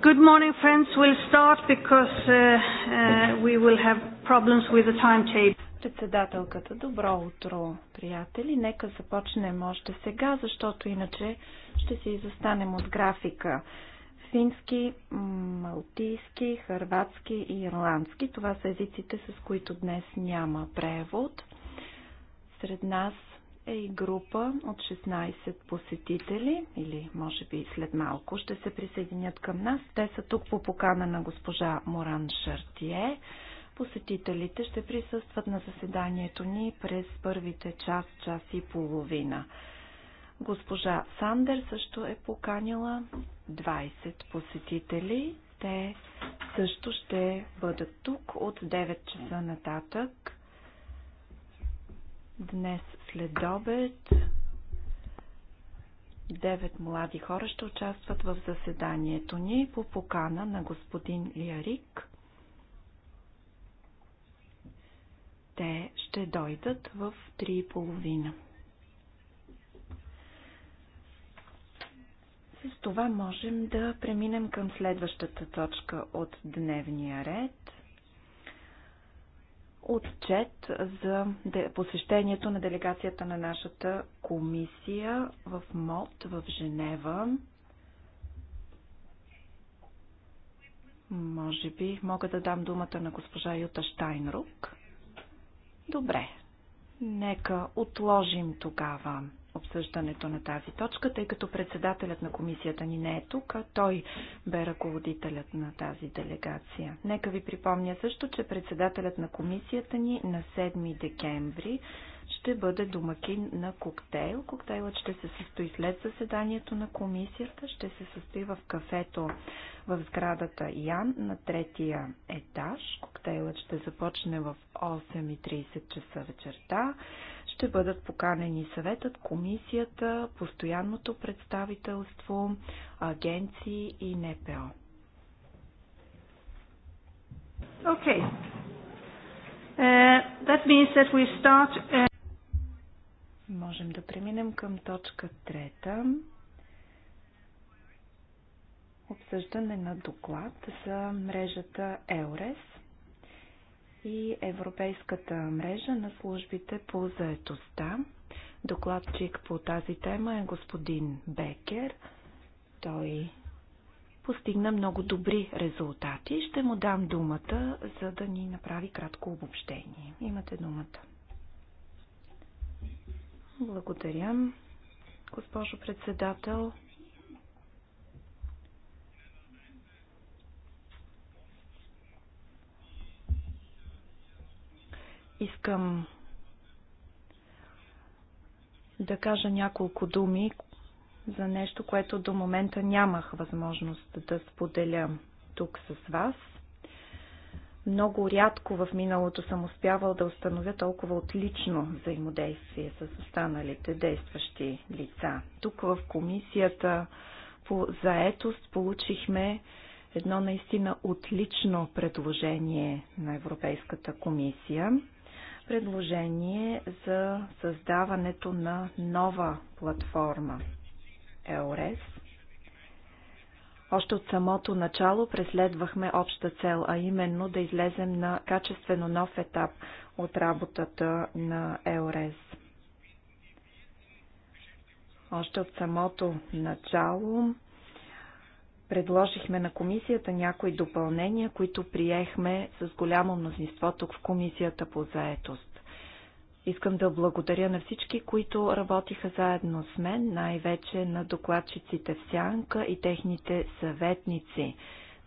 Good morning, friends. We'll start because uh, uh, we will have problems with the timetable. Председателката, добро утро, приятели. Нека започнем още сега, защото иначе ще се изостанем от графика фински, малтийски, хърватски и ирландски. Това са езиците, с които днес няма превод. Сред нас е и група от 16 посетители, или може би след малко ще се присъединят към нас. Те са тук по покана на госпожа Моран Шартие. Посетителите ще присъстват на заседанието ни през първите час, час и половина. Госпожа Сандер също е поканила 20 посетители. Те също ще бъдат тук от 9 часа нататък Днес след обед девет млади хора ще участват в заседанието ни по покана на господин Лярик Те ще дойдат в половина. С това можем да преминем към следващата точка от дневния ред отчет за посещението на делегацията на нашата комисия в МОД в Женева. Може би мога да дам думата на госпожа Юта Штайнрук. Добре. Нека отложим тогава обсъждането на тази точка, тъй като председателят на комисията ни не е тук, а той бе ръководителят на тази делегация. Нека ви припомня също, че председателят на комисията ни на 7 декември ще бъде домакин на коктейл. Коктейлът ще се състои след заседанието на комисията, ще се състои в кафето в сградата Ян на третия етаж. Коктейлът ще започне в 8.30 часа вечерта. Ще бъдат поканени съветът, комисията, постоянното представителство, агенции и НПО. Okay. Uh, that means that we start uh... Можем да преминем към точка трета. Обсъждане на доклад за мрежата ЕОРЕС и Европейската мрежа на службите по заетостта. Докладчик по тази тема е господин Бекер. Той постигна много добри резултати. Ще му дам думата, за да ни направи кратко обобщение. Имате думата. Благодаря, госпожо председател. Искам да кажа няколко думи за нещо, което до момента нямах възможност да споделя тук с вас – много рядко в миналото съм успявал да установя толкова отлично взаимодействие с останалите действащи лица. Тук в комисията по заетост получихме едно наистина отлично предложение на Европейската комисия. Предложение за създаването на нова платформа EURES – още от самото начало преследвахме обща цел, а именно да излезем на качествено нов етап от работата на ЕОРЕС. Още от самото начало предложихме на комисията някои допълнения, които приехме с голямо мнозинство тук в комисията по заетост. Искам да благодаря на всички, които работиха заедно с мен, най-вече на докладчиците в Сянка и техните съветници.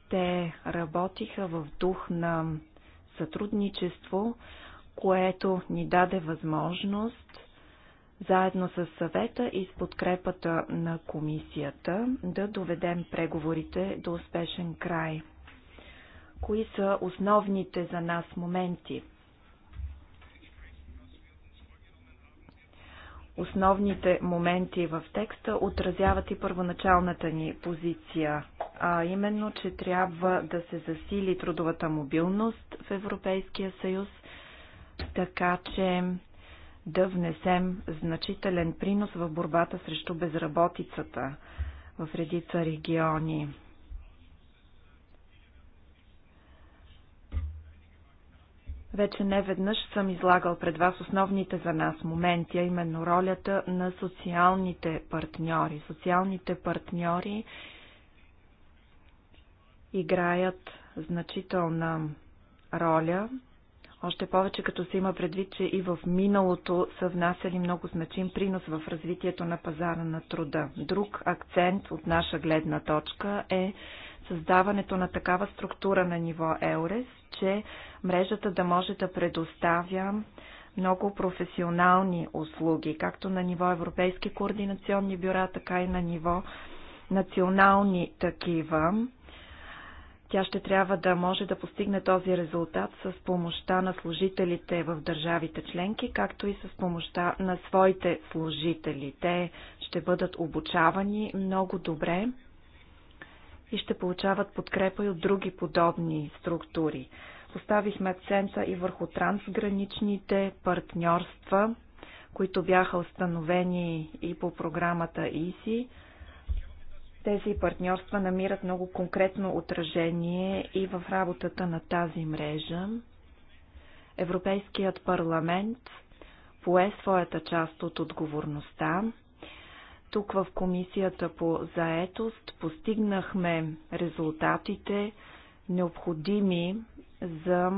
Те работиха в дух на сътрудничество, което ни даде възможност заедно с съвета и с подкрепата на комисията да доведем преговорите до успешен край. Кои са основните за нас моменти? основните моменти в текста отразяват и първоначалната ни позиция, а именно, че трябва да се засили трудовата мобилност в Европейския съюз, така че да внесем значителен принос в борбата срещу безработицата в редица региони. Вече не веднъж съм излагал пред вас основните за нас моменти, а именно ролята на социалните партньори. Социалните партньори играят значителна роля, още повече като се има предвид, че и в миналото са внасяли много значим принос в развитието на пазара на труда. Друг акцент от наша гледна точка е създаването на такава структура на ниво ЕУРЕС, че мрежата да може да предоставя много професионални услуги, както на ниво европейски координационни бюра, така и на ниво национални такива. Тя ще трябва да може да постигне този резултат с помощта на служителите в държавите членки, както и с помощта на своите служители. Те ще бъдат обучавани много добре и ще получават подкрепа и от други подобни структури. Поставихме акцента и върху трансграничните партньорства, които бяха установени и по програмата ИСИ. Тези партньорства намират много конкретно отражение и в работата на тази мрежа. Европейският парламент пое своята част от отговорността тук в Комисията по заетост постигнахме резултатите необходими за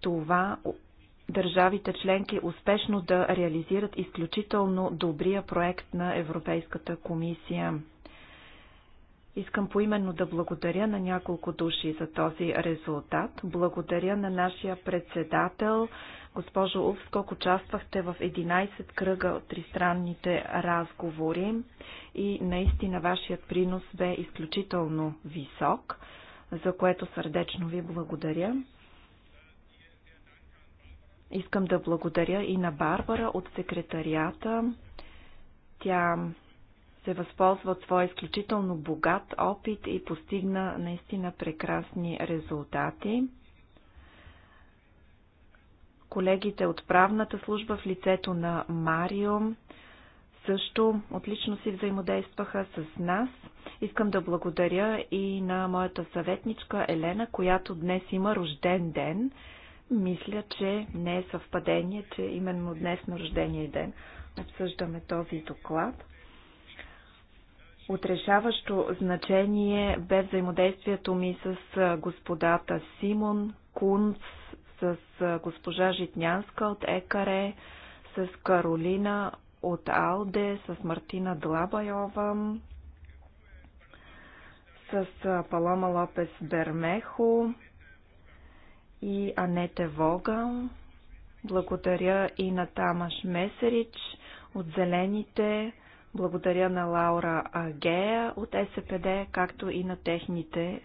това държавите членки успешно да реализират изключително добрия проект на Европейската комисия Искам поименно да благодаря на няколко души за този резултат. Благодаря на нашия председател, госпожо Увскок, участвахте в 11 кръга от тристранните разговори и наистина вашият принос бе изключително висок, за което сърдечно ви благодаря. Искам да благодаря и на Барбара от секретарията. Тя се възползва от своя изключително богат опит и постигна наистина прекрасни резултати. Колегите от правната служба в лицето на Марио също отлично си взаимодействаха с нас. Искам да благодаря и на моята съветничка Елена, която днес има рожден ден. Мисля, че не е съвпадение, че именно днес на рождения ден обсъждаме този доклад. Отрешаващо значение бе взаимодействието ми с господата Симон Кунц, с госпожа Житнянска от ЕКАРЕ, с Каролина от Алде, с Мартина Длабайова, с Палома Лопес Бермехо и Анете Вога. Благодаря и на Тамаш Месерич от Зелените, благодаря на Лаура Агея от СПД, както и на техните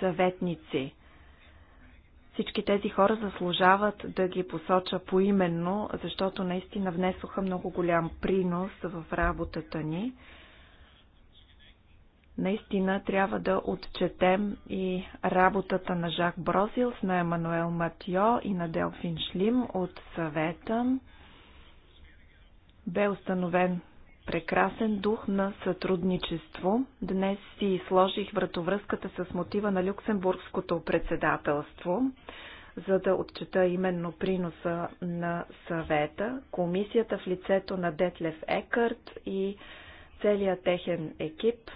съветници. Всички тези хора заслужават да ги посоча поименно, защото наистина внесоха много голям принос в работата ни. Наистина трябва да отчетем и работата на Жак Брозилс, на Емануел Матио и на Делфин Шлим от съвета. Бе установен прекрасен дух на сътрудничество. Днес си сложих вратовръзката с мотива на Люксембургското председателство, за да отчета именно приноса на съвета, комисията в лицето на Детлев Екарт и целият техен екип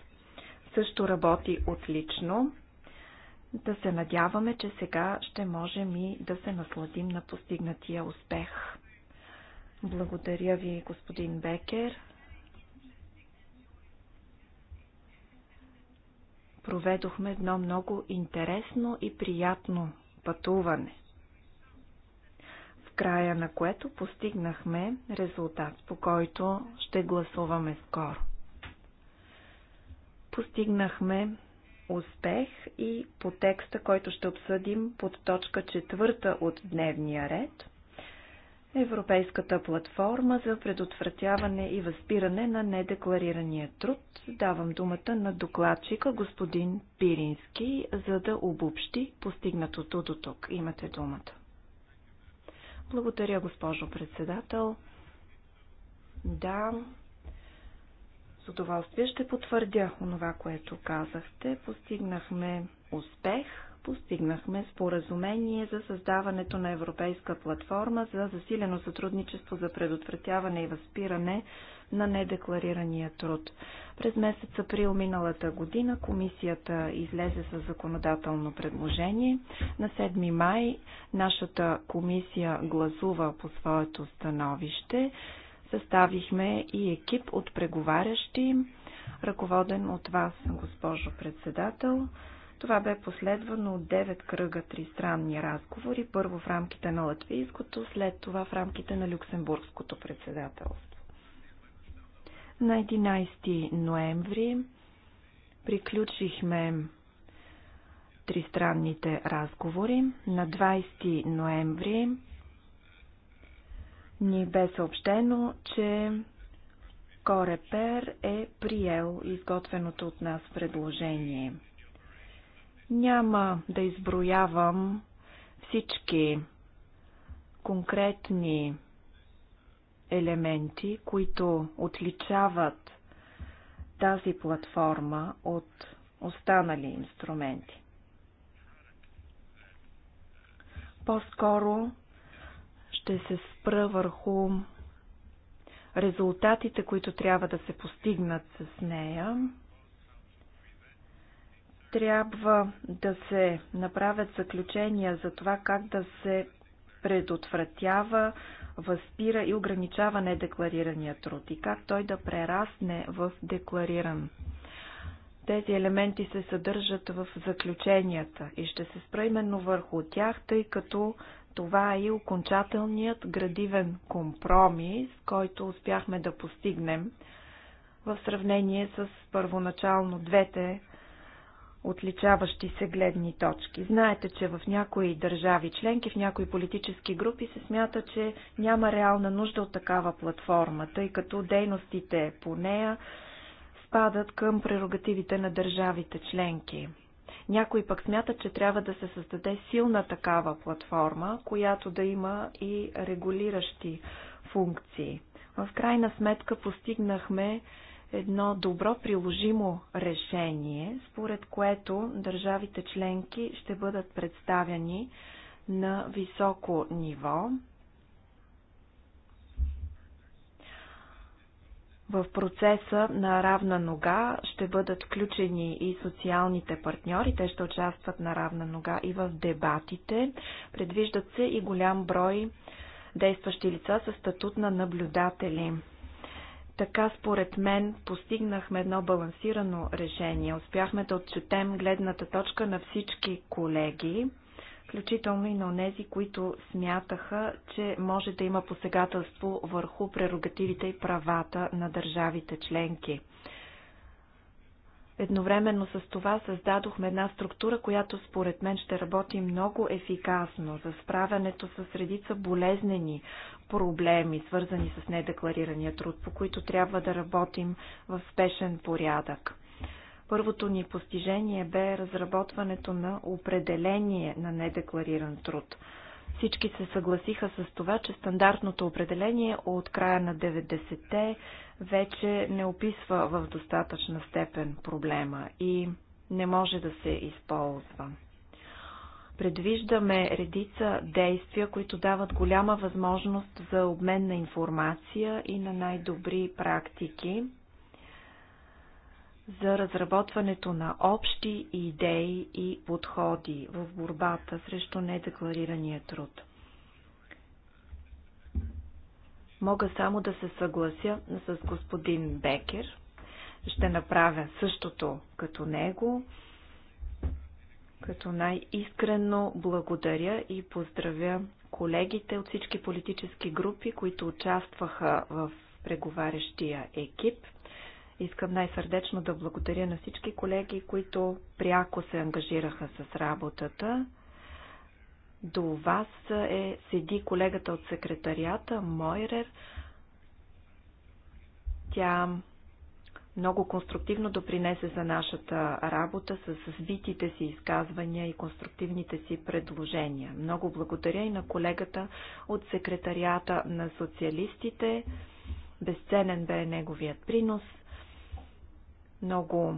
също работи отлично. Да се надяваме, че сега ще можем и да се насладим на постигнатия успех. Благодаря ви, господин Бекер. проведохме едно много интересно и приятно пътуване, в края на което постигнахме резултат, по който ще гласуваме скоро. Постигнахме успех и по текста, който ще обсъдим под точка четвърта от дневния ред – Европейската платформа за предотвратяване и възпиране на недекларирания труд. Давам думата на докладчика господин Пирински, за да обобщи постигнатото до тук. Имате думата. Благодаря, госпожо председател. Да, с удоволствие ще потвърдя онова, което казахте. Постигнахме успех постигнахме споразумение за създаването на европейска платформа за засилено сътрудничество за предотвратяване и възпиране на недекларирания труд. През месец април миналата година комисията излезе с законодателно предложение. На 7 май нашата комисия гласува по своето становище. Съставихме и екип от преговарящи, ръководен от вас, госпожо председател. Това бе последвано от 9 кръга тристранни разговори, първо в рамките на латвийското, след това в рамките на люксембургското председателство. На 11 ноември приключихме тристранните разговори. На 20 ноември ни бе съобщено, че Корепер е приел изготвеното от нас предложение – няма да изброявам всички конкретни елементи, които отличават тази платформа от останали инструменти. По-скоро ще се спра върху резултатите, които трябва да се постигнат с нея трябва да се направят заключения за това как да се предотвратява, възпира и ограничава недекларирания труд и как той да прерасне в деклариран. Тези елементи се съдържат в заключенията и ще се спра именно върху тях, тъй като това е и окончателният градивен компромис, който успяхме да постигнем в сравнение с първоначално двете отличаващи се гледни точки. Знаете, че в някои държави членки, в някои политически групи се смята, че няма реална нужда от такава платформа, тъй като дейностите по нея спадат към прерогативите на държавите членки. Някои пък смятат, че трябва да се създаде силна такава платформа, която да има и регулиращи функции. В крайна сметка постигнахме едно добро приложимо решение, според което държавите членки ще бъдат представени на високо ниво. В процеса на равна нога ще бъдат включени и социалните партньори. Те ще участват на равна нога и в дебатите. Предвиждат се и голям брой действащи лица със статут на наблюдатели. Така, според мен, постигнахме едно балансирано решение. Успяхме да отчетем гледната точка на всички колеги, включително и на онези, които смятаха, че може да има посегателство върху прерогативите и правата на държавите членки. Едновременно с това създадохме една структура, която според мен ще работи много ефикасно за справянето с редица болезнени проблеми, свързани с недекларирания труд, по които трябва да работим в спешен порядък. Първото ни постижение бе разработването на определение на недеклариран труд – всички се съгласиха с това, че стандартното определение от края на 90-те вече не описва в достатъчна степен проблема и не може да се използва. Предвиждаме редица действия, които дават голяма възможност за обмен на информация и на най-добри практики за разработването на общи идеи и подходи в борбата срещу недекларирания труд. Мога само да се съглася с господин Бекер. Ще направя същото като него. Като най-искрено благодаря и поздравя колегите от всички политически групи, които участваха в преговарящия екип – Искам най-сърдечно да благодаря на всички колеги, които пряко се ангажираха с работата. До вас е, седи колегата от секретарията, Мойрер. Тя много конструктивно допринесе за нашата работа с сбитите си изказвания и конструктивните си предложения. Много благодаря и на колегата от секретарията на социалистите. Безценен бе неговият принос – много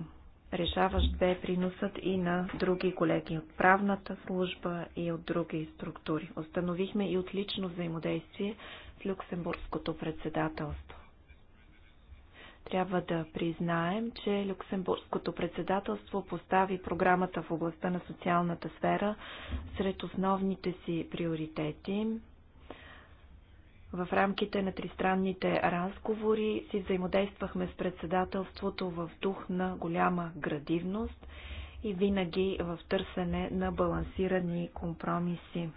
решаващ бе приносът и на други колеги от правната служба и от други структури. Установихме и отлично взаимодействие с Люксембургското председателство. Трябва да признаем, че Люксембургското председателство постави програмата в областта на социалната сфера сред основните си приоритети в рамките на тристранните разговори си взаимодействахме с председателството в дух на голяма градивност и винаги в търсене на балансирани компромиси.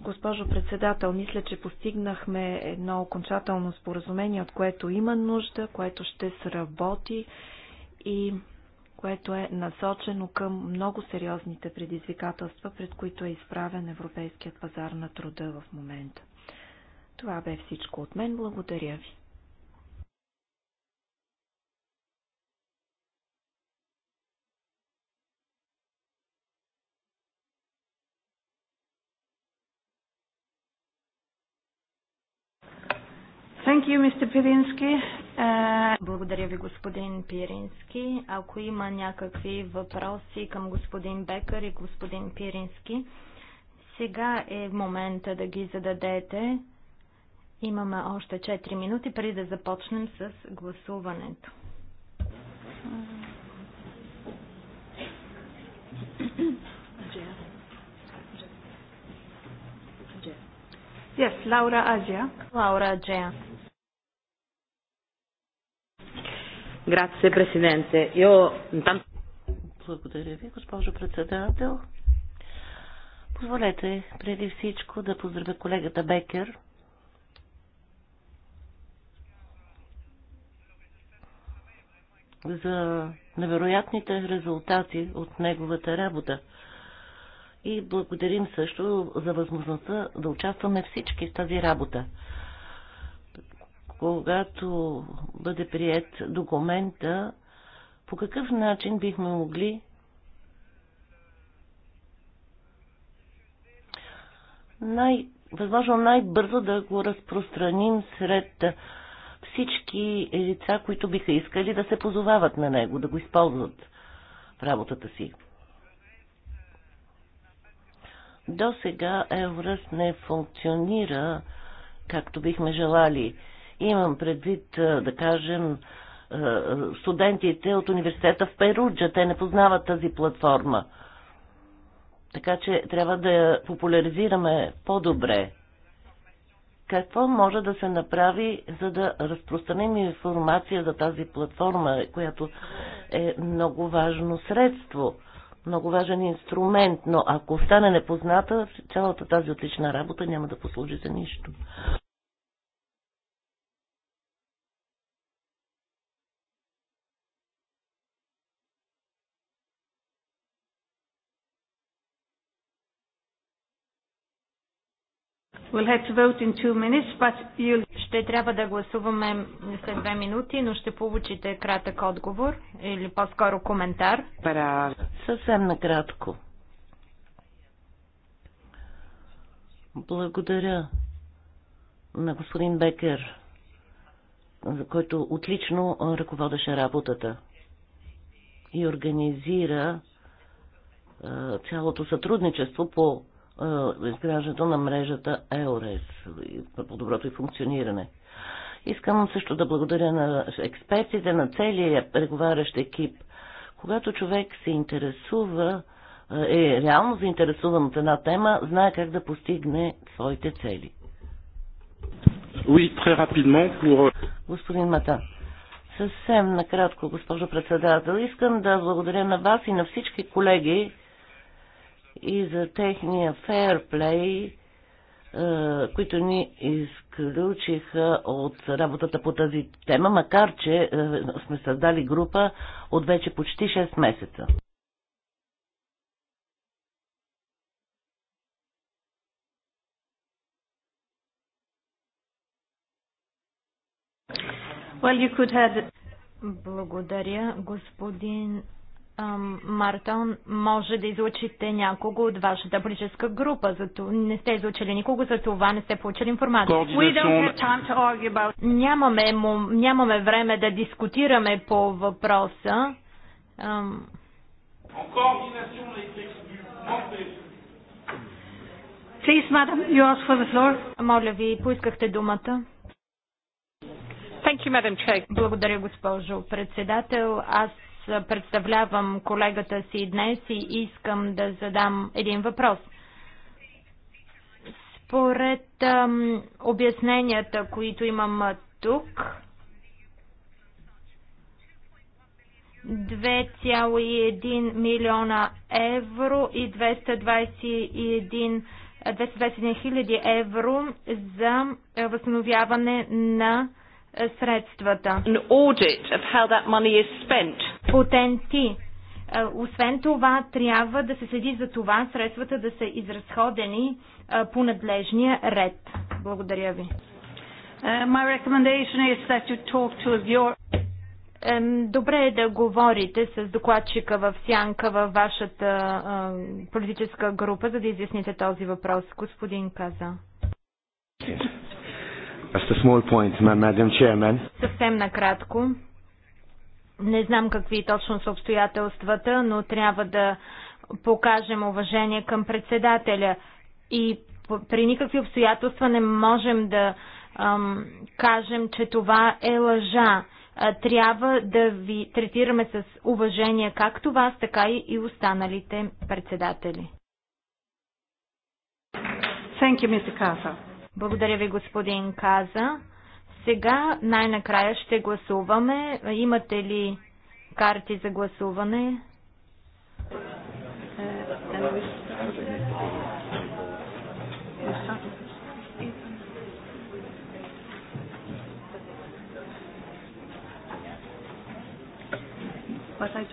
Госпожо председател, мисля, че постигнахме едно окончателно споразумение, от което има нужда, което ще сработи и което е насочено към много сериозните предизвикателства, пред които е изправен европейският пазар на труда в момента. Това бе всичко от мен. Благодаря ви. Thank you, Mr. Пирински. Uh... Благодаря ви, господин Пирински. Ако има някакви въпроси към господин Бекър и господин Пирински, сега е момента да ги зададете. Имаме още 4 минути преди да започнем с гласуването. Yes, Laura Agia. Laura Agia. Благодаря ви, госпожо председател. Позволете преди всичко да поздравя колегата Бекер. за невероятните резултати от неговата работа. И благодарим също за възможността да участваме всички в тази работа когато бъде прият документа, по какъв начин бихме могли най, възможно най-бързо да го разпространим сред всички лица, които биха искали да се позовават на него, да го използват в работата си. До сега евръст не функционира както бихме желали. Имам предвид, да кажем, студентите от университета в Перуджа. Те не познават тази платформа. Така че трябва да я популяризираме по-добре. Какво може да се направи, за да разпространим информация за тази платформа, която е много важно средство, много важен инструмент, но ако остане непозната, цялата тази отлична работа няма да послужи за нищо. Ще трябва да гласуваме след две минути, но ще получите кратък отговор или по-скоро коментар. Съвсем накратко. Благодаря на господин Бекер, за който отлично ръководеше работата и организира цялото сътрудничество по е, изграждането на мрежата EURES по доброто и функциониране. Искам също да благодаря на експертите, на целия преговарящ екип. Когато човек се интересува, е реално заинтересуван от една тема, знае как да постигне своите цели. Oui, très rapidement pour... Господин Мата, съвсем накратко, госпожо председател, искам да благодаря на вас и на всички колеги, и за техния фейерплей, които ни изключиха от работата по тази тема, макар че е, сме създали група от вече почти 6 месеца. Well, you could have... Благодаря, господин Мартон, може да излучите някого от вашата политическа група. Зато не сте излучили никого, за това не сте получили информация. About... Нямаме, нямаме време да дискутираме по въпроса. Please, madam, you ask for the floor. Моля ви, поискахте думата. Thank you, madam Благодаря, госпожо председател. Аз представлявам колегата си днес и искам да задам един въпрос. Според ам, обясненията, които имам тук, 2,1 милиона евро и 221 221 хиляди евро за възстановяване на средствата. An audit of how that money is spent потенти. Е, освен това, трябва да се следи за това средствата да са изразходени е, по надлежния ред. Благодаря ви. Е, добре е да говорите с докладчика в сянка във вашата политическа група, за да изясните този въпрос. Господин Каза. a small point, Madam Chairman. Съвсем накратко. Не знам какви точно са обстоятелствата, но трябва да покажем уважение към председателя. И при никакви обстоятелства не можем да ам, кажем, че това е лъжа. Трябва да ви третираме с уважение както вас, така и останалите председатели. Thank you, Mr. Благодаря ви, господин Каза. Сега най-накрая ще гласуваме. Имате ли карти за гласуване? But I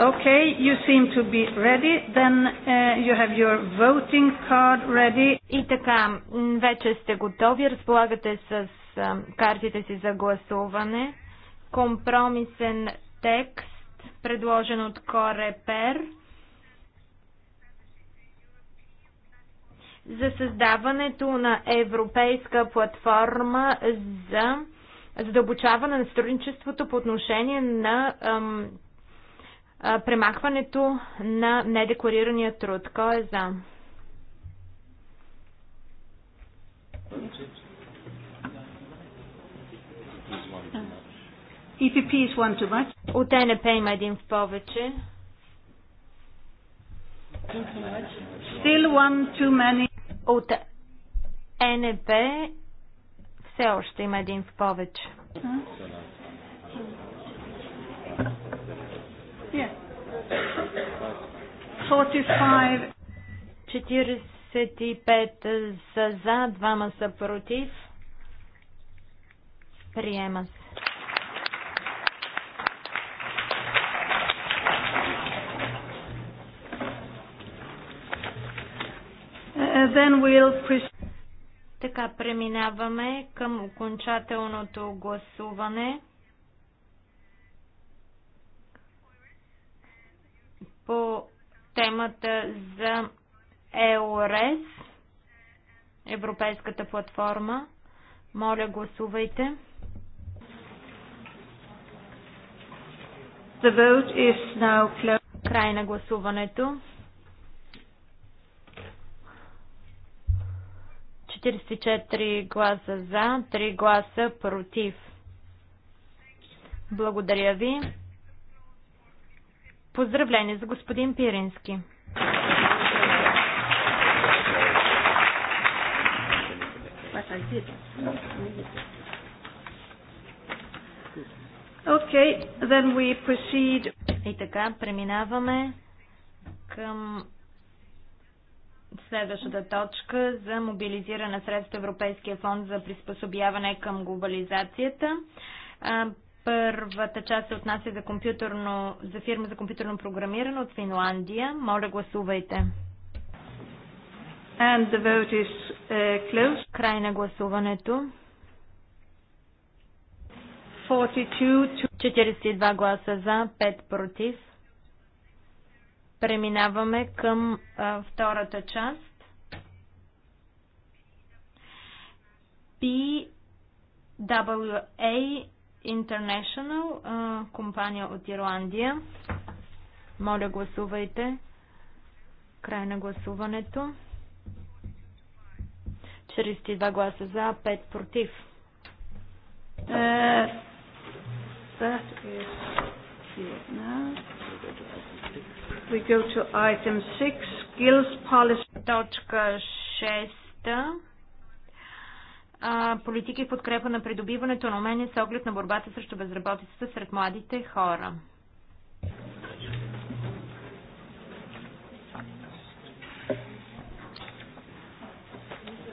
Okay, you seem to be ready. Then uh, you have your voting card ready. И така, вече сте готови, разполагате с uh, картите си за гласуване. Компромисен текст, предложен от Корепер. за създаването на европейска платформа за задълбочаване на сътрудничеството по отношение на ам, премахването на недекларирания труд. Кой е за? E От ЕНП има един в повече. Still one too many. От ЕНП все още има един в повече. 45. са за, двама са против. Приема се. Uh, then we'll така преминаваме към окончателното гласуване по темата за ЕОРЕС, Европейската платформа. Моля, гласувайте. The vote is now Край на гласуването. 44 гласа за, 3 гласа против. Благодаря ви. Поздравление за господин Пирински. Okay, then we proceed. И така, преминаваме към следващата точка за мобилизиране средства Европейския фонд за приспособяване към глобализацията. Първата част се отнася за, компютърно, за фирма за компютърно програмиране от Финландия. Моля, гласувайте. And the vote is uh, closed. Край на гласуването. 42, гласа за, 5 против. Преминаваме към uh, втората част. PWA International, компания от Ирландия. Моля, гласувайте. Край на гласуването. 42 гласа за, 5 против. Е, Точка 6 политики в подкрепа на придобиването на умения с оглед на борбата срещу безработицата сред младите хора.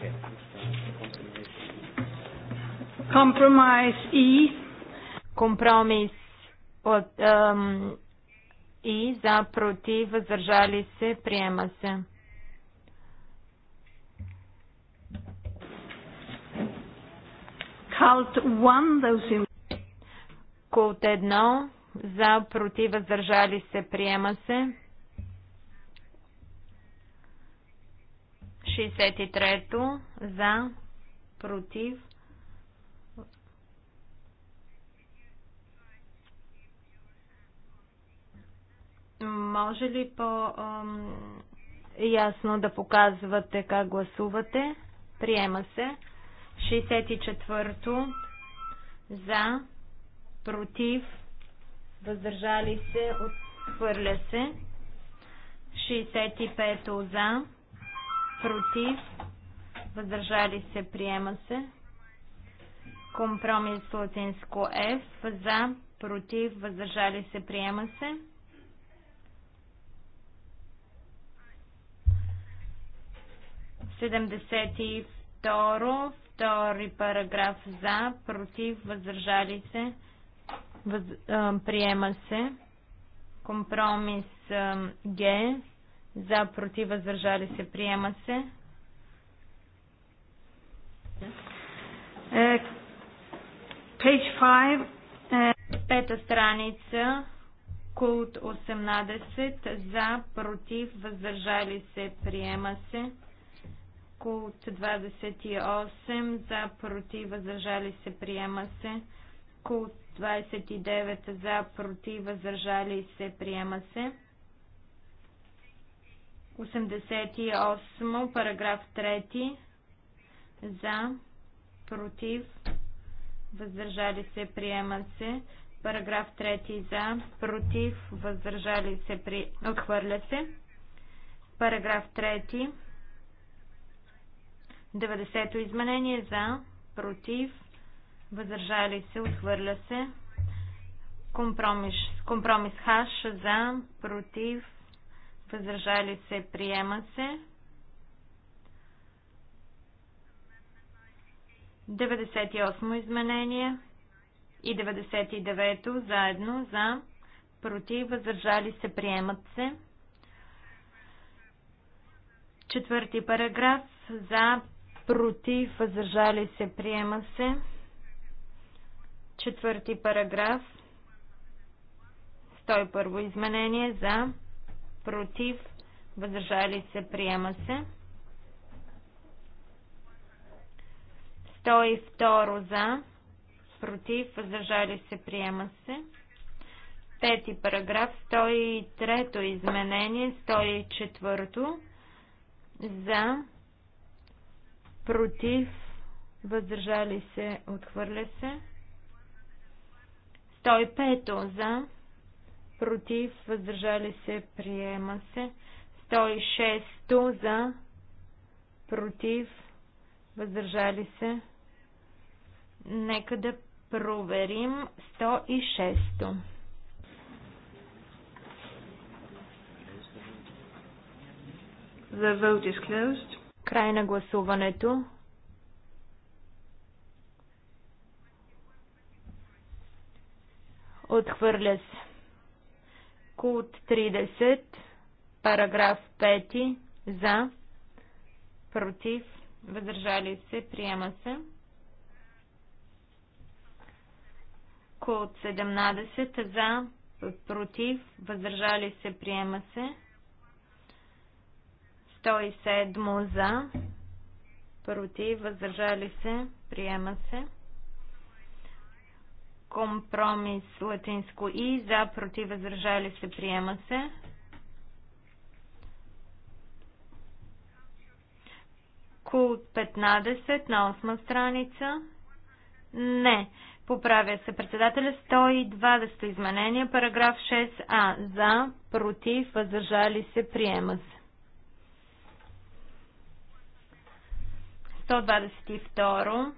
E. Компромис и компромис и за против въздържали се приема се. Cult 1, those in... Култ 1, за, против, въздържали се, приема се. 63-то, за, против. Може ли по-ясно да показвате как гласувате? Приема се. 64-то за, против, въздържали се, отхвърля се. 65-то за, против, въздържали се, приема се. Компромис латинско F за, против, въздържали се, приема се. Седемдесет Второ, втори параграф за, против, въздържали се, въз, а, приема се. Компромис а, Г, за, против, въздържали се, приема се. Е, page 5. Е. пета страница. Култ 18. За, против, въздържали се, приема се. От 28 за против въздържали се приема се. От 29 за против въздържали се приема се. 88 параграф 3 за против въздържали се приема се. Параграф 3 за против въздържали се при... отхвърля се. Параграф 3 90-то изменение за, против, въздържали се, отхвърля се. Компромис, компромис хаш за, против, въздържали се, приема се. 98 изменение и 99 то заедно за, против, въздържали се, приемат се. Четвърти параграф за, против, въздържали се, приема се. Четвърти параграф. 101 изменение за, против, въздържали се, приема се. 102 за, против, въздържали се, приема се. Пети параграф, 103 изменение, 104 за, против, въздържали се, отхвърля се. 105 за, против, въздържали се, приема се. 106 за, против, въздържали се. Нека да проверим 106. The vote is closed. Край на гласуването. Отхвърля се. Култ 30, параграф 5, за, против, въздържали се, приема се. Култ 17, за, против, въздържали се, приема се. 107 за, против, въздържали се, приема се. Компромис латинско и за, против, въздържали се, приема се. Култ 15 на 8 страница. Не. Поправя се председателя 120 изменения, параграф 6а. За, против, въздържали се, приема се. 122,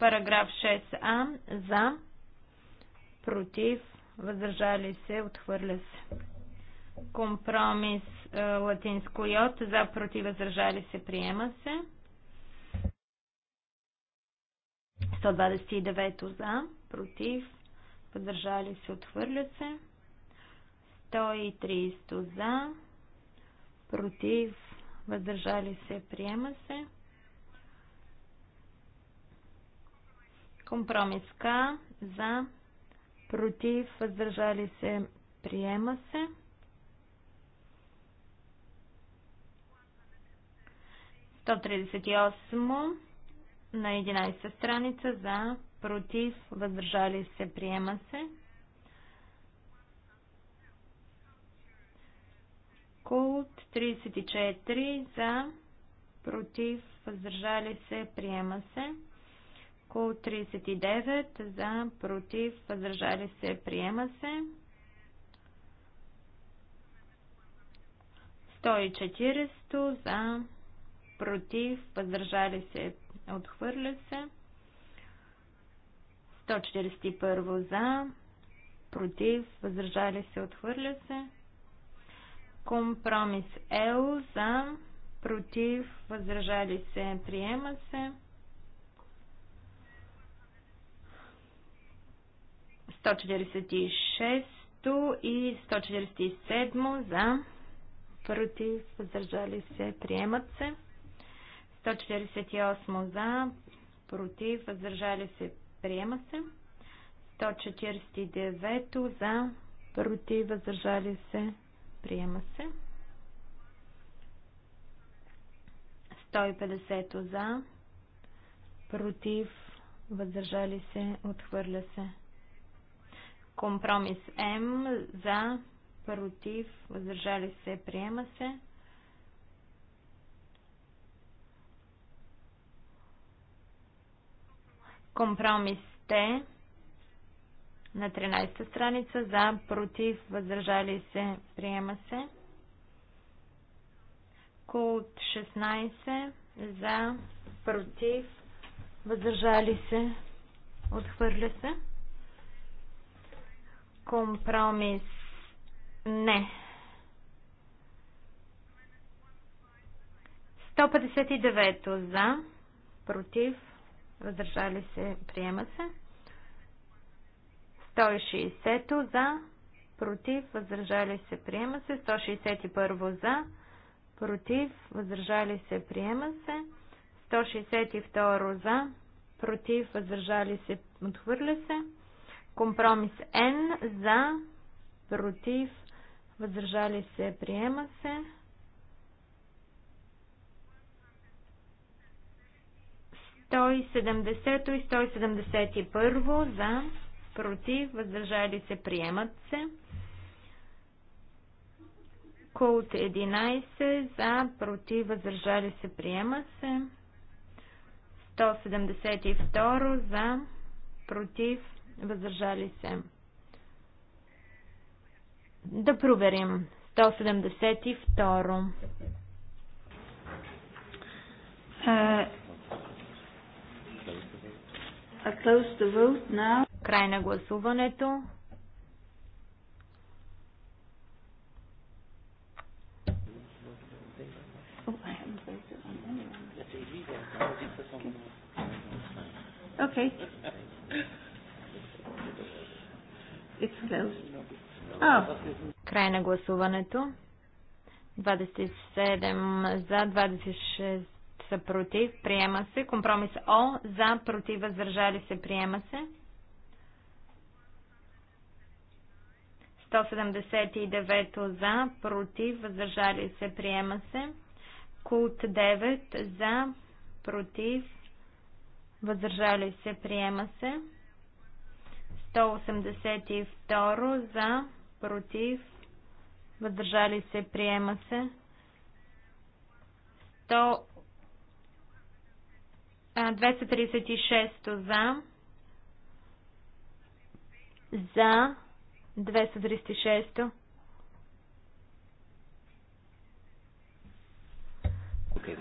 параграф 6а, за, против, въздържали се, отхвърля се. Компромис е, латинско йод, за, против, въздържали се, приема се. 129 за, против, въздържали се, отхвърля се. 130 за, против, въздържали се, приема се. Компромис К за, против, въздържали се, приема се. 138 на 11 страница за, против, въздържали се, приема се. Култ 34 за, против, въздържали се, приема се. Кул 39 за, против, въздържали се, приема се. 140 за, против, въздържали се, отхвърля се. 141 за, против, въздържали се, отхвърля се. Компромис Л за, против, въздържали се, приема се. 146 и 147 за, против, въздържали се, приемат се. 148 за, против, въздържали се, приема се. 149 за, против, въздържали се, приема се. 150 за, против, въздържали се, отхвърля се. Компромис М за, против, въздържали се, приема се. Компромис Т на 13-та страница за, против, въздържали се, приема се. Култ 16 за, против, въздържали се, отхвърля се. Компромис не. 159 за, против, въздържали се, приема се. 160 за, против, въздържали се, приема се. 161 за, против, въздържали се, приема се. 162 за, против, въздържали се, отхвърля се. Компромис Н за, против, въздържали се, приема се. 170 и 171 за, против, въздържали се, приемат се. Култ 11 за, против, въздържали се, приема се. 172 за, против, въздържали се. Да проверим. 172. Uh, е, Край на гласуването. Oh, okay. Oh. Край на гласуването. 27 за, 26 са против, приема се. Компромис О, за, против, въздържали се, приема се. 179 за, против, въздържали се, приема се. Култ 9 за, против, въздържали се, приема се. 182 за, против, въздържали се, приема се. 236 за, за 236. 33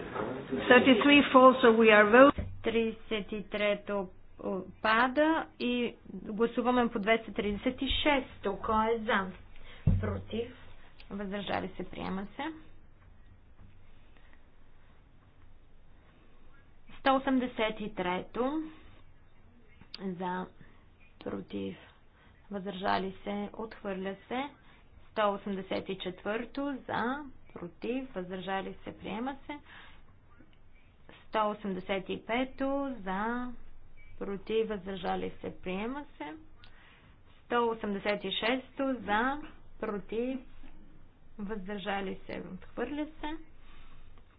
so we are voting. 33-то Пада и гласуваме по 236. Кой е за? Против. Въздържали се. Приема се. 183. За. Против. Въздържали се. Отхвърля се. 184. За. Против. Въздържали се. Приема се. 185. За против, въздържали се, приема се. 186 за, против, въздържали се, отхвърля се.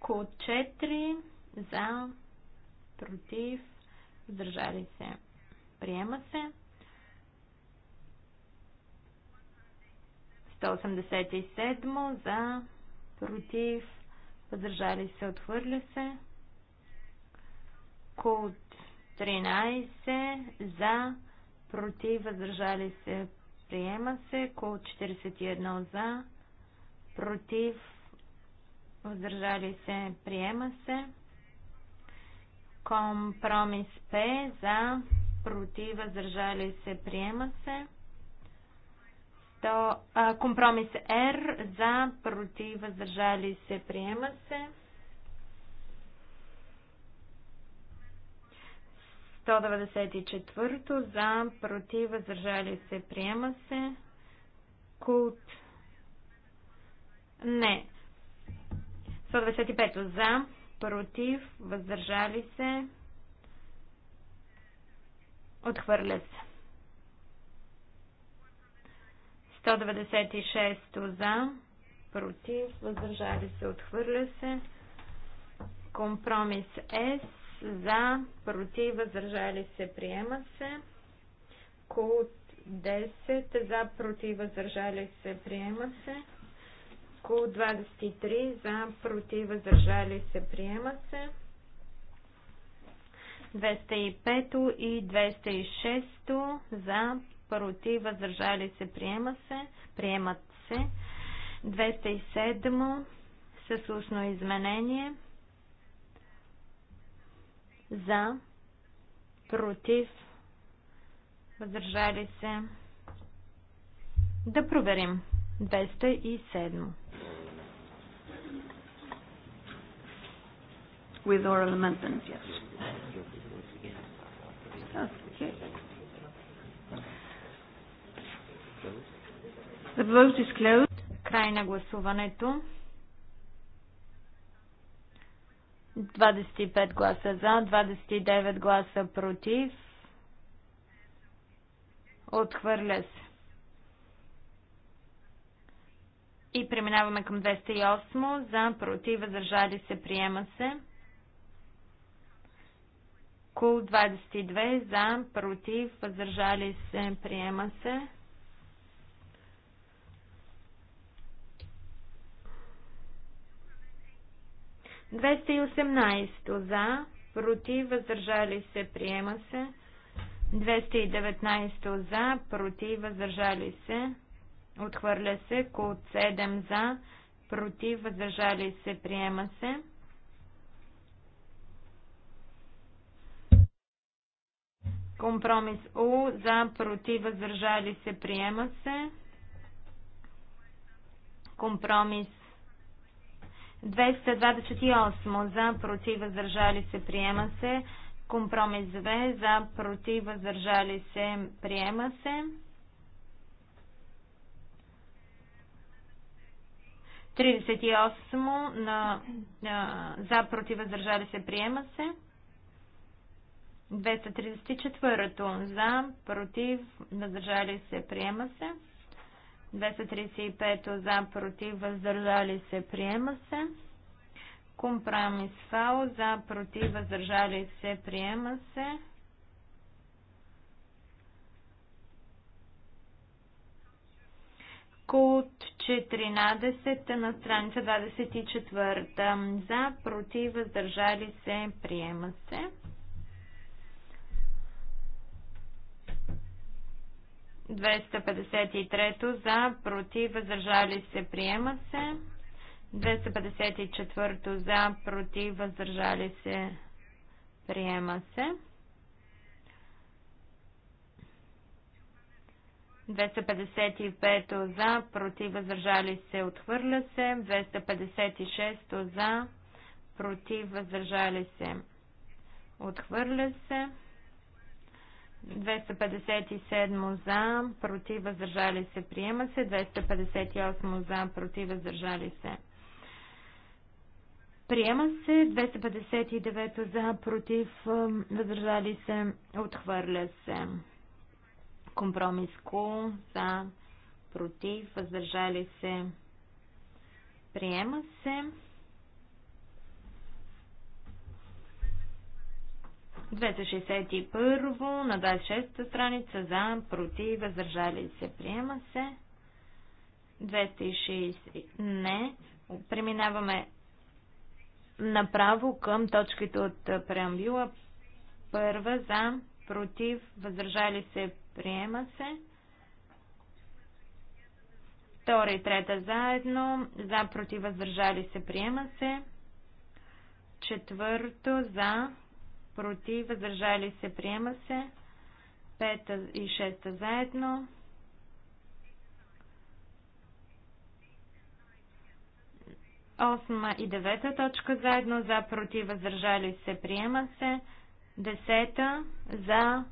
Код 4 за, против, въздържали се, приема се. 187 за, против, въздържали се, отхвърля се. Код 13 за, против, въздържали се, приема се. Кул 41 за, против, въздържали се, приема се. Компромис П за, против, въздържали се, приема се. компромис Р за, против, въздържали се, приема се. 194 за, против, въздържали се, приема се. Култ. Не. 195 за, против, въздържали се, отхвърля се. 196 за, против, въздържали се, отхвърля се. Компромис С за, против, въздържали се, приема се. Култ 10 за, против, въздържали се, приема се. Култ 23 за, против, въздържали се, приема се. 205 и 206 за, против, въздържали се, приема се, приемат се. 207 с устно изменение за, против, въздържали се. Да проверим. 207. With oral amendments, yes. Okay. The vote is closed. Край на гласуването. 25 гласа за, 29 гласа против. Отхвърля се. И преминаваме към 208. За, против, въздържали се, приема се. Кул 22. За, против, въздържали се, приема се. 218 за, против, въздържали се, приема се. 219 за, против, въздържали се, отхвърля се. Код 7 за, против, въздържали се, приема се. Компромис У за, против, въздържали се, приема се. Компромис 228 за против въздържали се приема се. Компромис 2, за против въздържали се приема се. 38 на, на за против въздържали се приема се. 234 за против въздържали се приема се. 235 за, против, въздържали се, приема се. Компромис фау за, против, въздържали се, приема се. Култ 14 на страница 24. За, против, въздържали се, приема се. 253 за, против, въздържали се, приема се. 254 за, против, въздържали се, приема се. 255 за, против, въздържали се, отхвърля се. 256 за, против, въздържали се, отхвърля се. 257 за, против, въздържали се, приема се. 258 за, против, въздържали се. Приема се 259 за, против, въздържали се, отхвърля се. Компромис Q за, против, въздържали се. Приема се. 261 на 26 та страница за, против, въздържали се, приема се. 260 не. Преминаваме направо към точките от преамбюла. Първа за, против, въздържали се, приема се. Втора и трета заедно, за, против, въздържали се, приема се. Четвърто за, против, въздържали се, приема се. Пета и шеста заедно. Осма и девета точка заедно за против, въздържали се, приема се. Десета за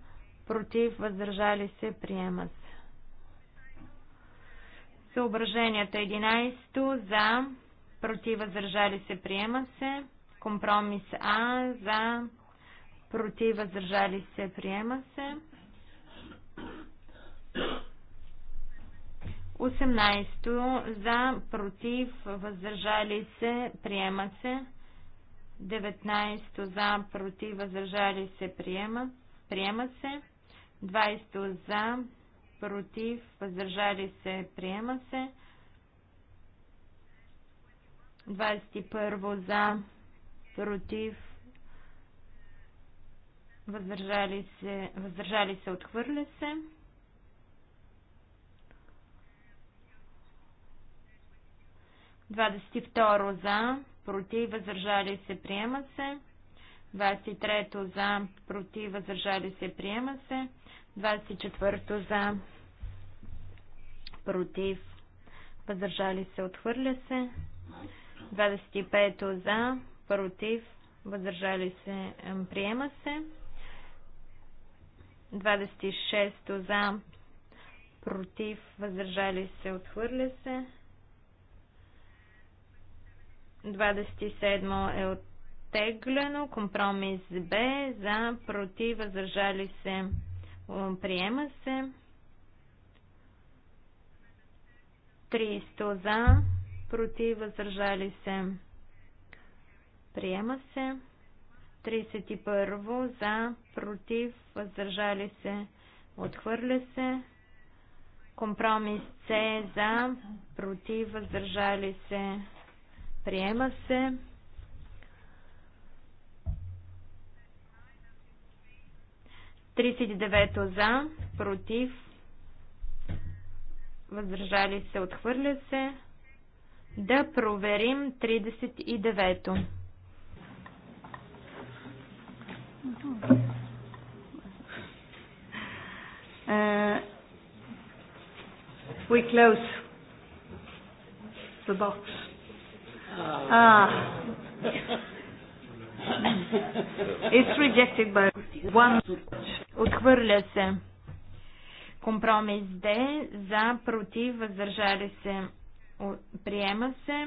против, въздържали се, приема се. Съображенията 11 за против, въздържали се, приема се. Компромис А за против, въздържали се, приема се. 18 за, против, въздържали се, приема се. 19 за, против, въздържали се, приема, приема се. 20 за, против, въздържали се, приема се. 21 за, против, въздържали се, въздържали се, отхвърля се. Двадесет второ за, против, въздържали се, приема се. 23 трето за, против, въздържали се, приема се. 24 четвърто за, против, въздържали се, отхвърля се. 25-то за, против, въздържали се, приема се. 26 за, против, въздържали се, отхвърля се. 27 е оттеглено, компромис Б, за, против, въздържали се, приема се. 300 за, против, въздържали се, приема се. 31 за, против, въздържали се, отхвърля се. Компромис С за, против, въздържали се, приема се. Тридесет девето за, против, въздържали се, отхвърля се. Да проверим 39 девето. Uh, we close the box. Ah. ah. It's rejected by one. Отхвърля се. Компромис Д за против въздържали се. Приема се.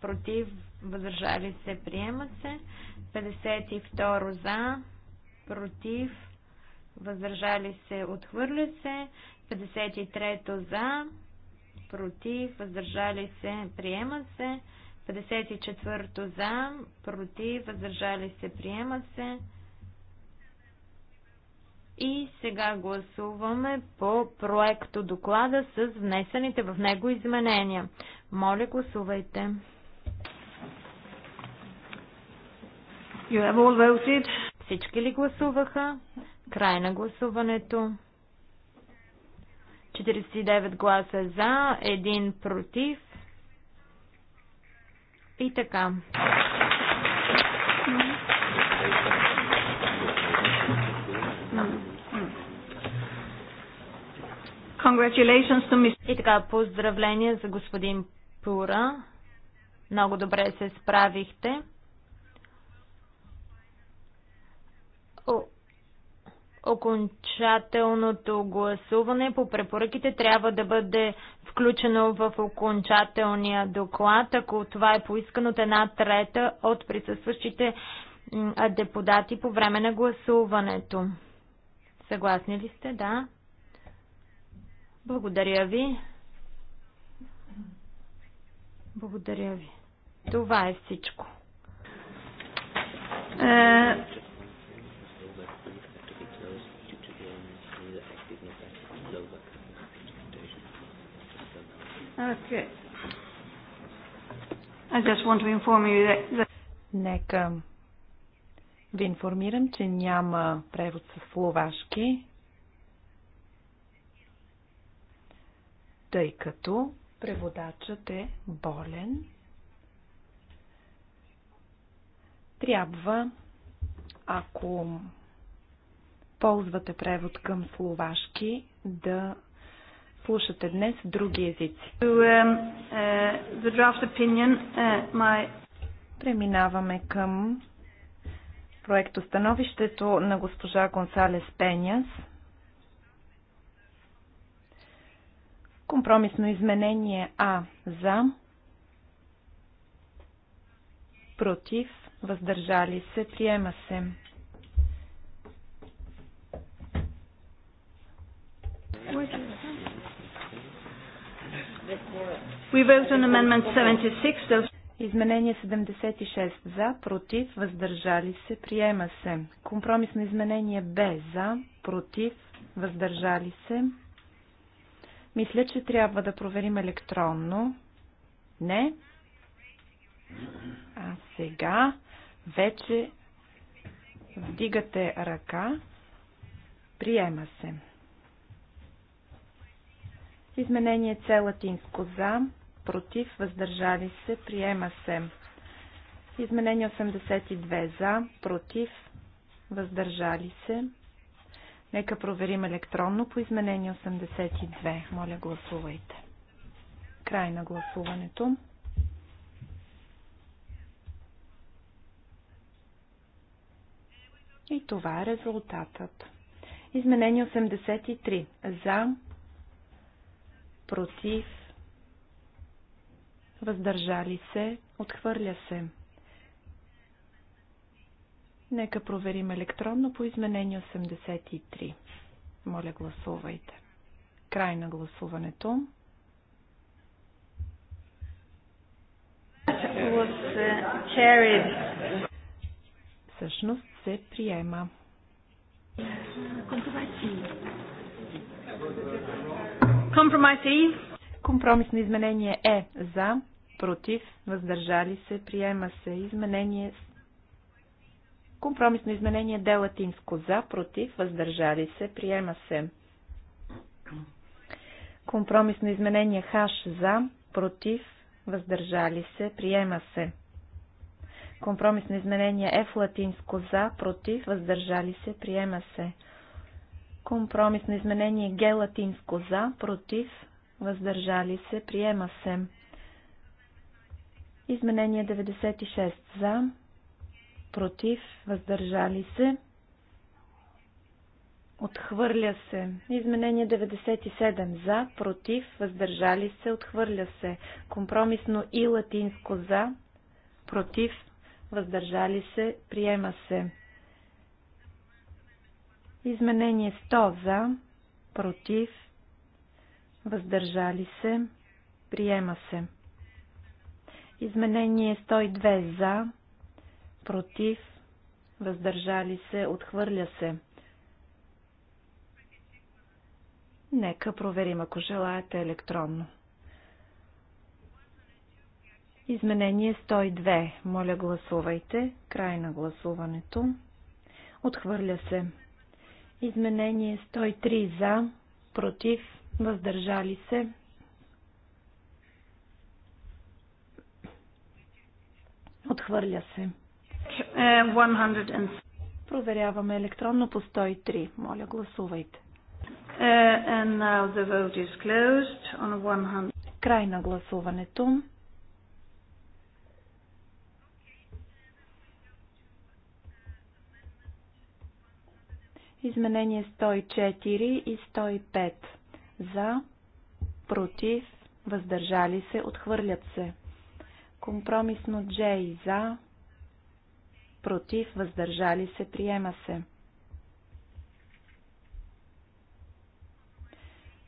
против, въздържали се, приемат се. 52 за, против, въздържали се, отхвърля се. 53 за, против, въздържали се, приемат се. 54 за, против, въздържали се, приемат се. И сега гласуваме по проекто доклада с внесените в него изменения. Моля, гласувайте. You have all voted. Всички ли гласуваха? Край на гласуването. 49 гласа за, 1 против. И така. И така, поздравления за господин Пура. Много добре се справихте. окончателното гласуване по препоръките трябва да бъде включено в окончателния доклад, ако това е поискано от една трета от присъстващите депутати по време на гласуването. Съгласни ли сте? Да. Благодаря ви. Благодаря ви. Това е всичко. Е, Нека ви информирам, че няма превод с словашки, тъй като преводачът е болен. Трябва, ако ползвате превод към словашки, да слушате днес други езици. Um, uh, uh, Преминаваме към проектостановището на госпожа Гонсалес Пеняс. Компромисно изменение А за, против, въздържали се, приема се. What Изменение 76 за, против, въздържали се, приема се. Компромисно изменение Б за, против, въздържали се. Мисля, че трябва да проверим електронно. Не. А сега вече вдигате ръка. Приема се. Изменение целатинско за, против, въздържали се, приема се. Изменение 82 за, против, въздържали се. Нека проверим електронно по изменение 82. Моля, гласувайте. Край на гласуването. И това е резултатът. Изменение 83. За, против, въздържали се, отхвърля се. Нека проверим електронно по изменение 83. Моля, гласувайте. Край на гласуването. Всъщност се приема. Компромисно изменение е за, против, въздържали се, приема се. Изменение Компромисно изменение Д латинско за, против, въздържали се, приема се. Компромисно изменение Х за, против, въздържали се, приема се. Компромисно изменение Ф латинско за, против, въздържали се, приема се. Компромисно изменение Г латинско за, против, въздържали се, приема се. Изменение 96 за, против, въздържали се, отхвърля се. Изменение 97 за, против, въздържали се, отхвърля се. Компромисно и латинско за, против, въздържали се, приема се. Изменение 100 за, против, въздържали се, приема се. Изменение 102 за, против, въздържали се, отхвърля се. Нека проверим, ако желаете електронно. Изменение 102. Моля гласувайте. Край на гласуването. Отхвърля се. Изменение 103 за, против, въздържали се, Отхвърля се. 100. Е, Проверяваме електронно по 103. Моля, гласувайте. Е, Край на гласуването. Изменение 104 и 105. За, против, въздържали се, отхвърлят се. Компромисно J за, против, въздържали се, приема се.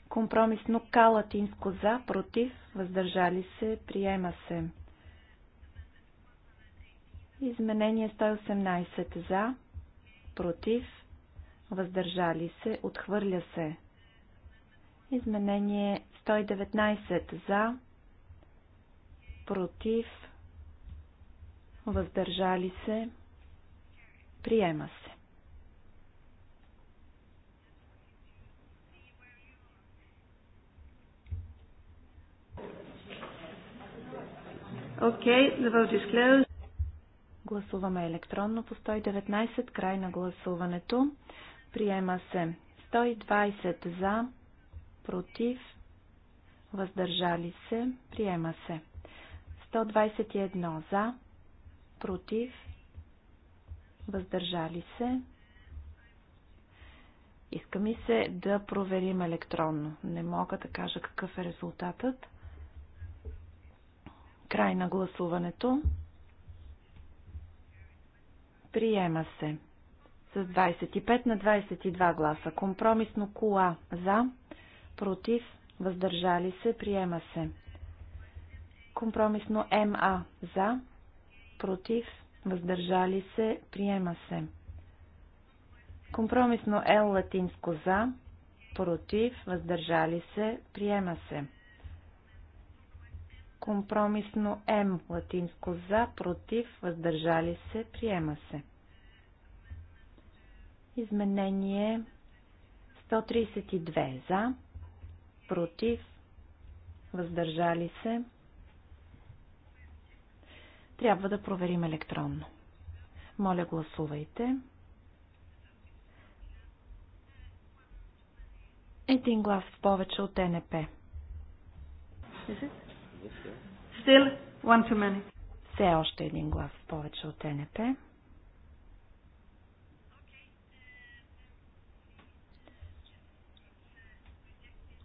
Компромисно К латинско за, против, въздържали се, приема се. Изменение 118 за, против, въздържали се, отхвърля се. Изменение 119 за, против, въздържали се, приема се. Okay, the Гласуваме електронно по 119, край на гласуването. Приема се 120 за, против, въздържали се, приема се. 121 за, против, въздържали се. Иска ми се да проверим електронно. Не мога да кажа какъв е резултатът. Край на гласуването. Приема се. С 25 на 22 гласа. Компромисно кола. За. Против. Въздържали се. Приема се. Компромисно МА за, против, въздържали се, приема се. Компромисно Л латинско за, против, въздържали се, приема се. Компромисно М латинско за, против, въздържали се, приема се. Изменение 132 за, против, въздържали се, трябва да проверим електронно. Моля, гласувайте. Един глас в повече от НП. Still one too many. Все още един глас в повече от НП.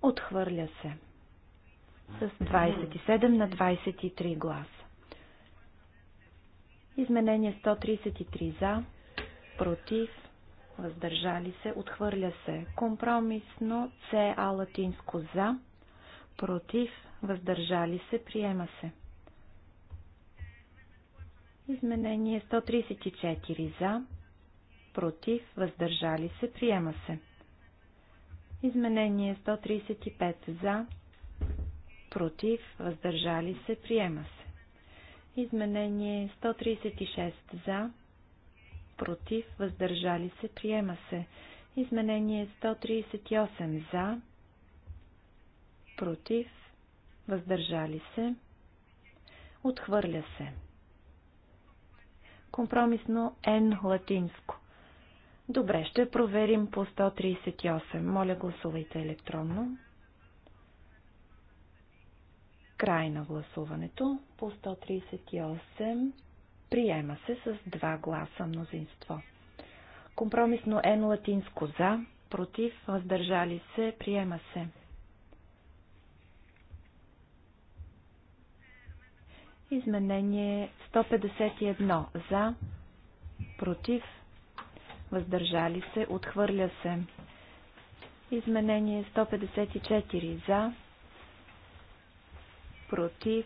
Отхвърля се. С 27 на 23 глас. Изменение 133 за, против, въздържали се, отхвърля се. Компромисно CA латинско за, против, въздържали се, приема се. Изменение 134 за, против, въздържали се, приема се. Изменение 135 за, против, въздържали се, приема се. Изменение 136 за, против, въздържали се, приема се. Изменение 138 за, против, въздържали се, отхвърля се. Компромисно N латинско. Добре, ще проверим по 138. Моля гласувайте електронно. Край на гласуването по 138. Приема се с 2 гласа мнозинство. Компромисно Н е латинско за, против, въздържали се, приема се. Изменение 151 за, против, въздържали се, отхвърля се. Изменение 154 за, против,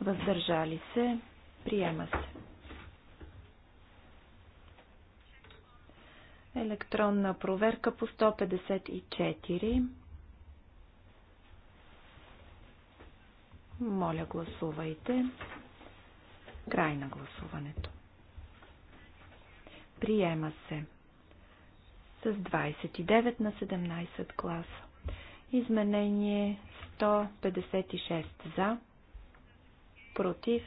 въздържали се, приема се. Електронна проверка по 154. Моля, гласувайте. Край на гласуването. Приема се с 29 на 17 гласа. Изменение 156 за, против,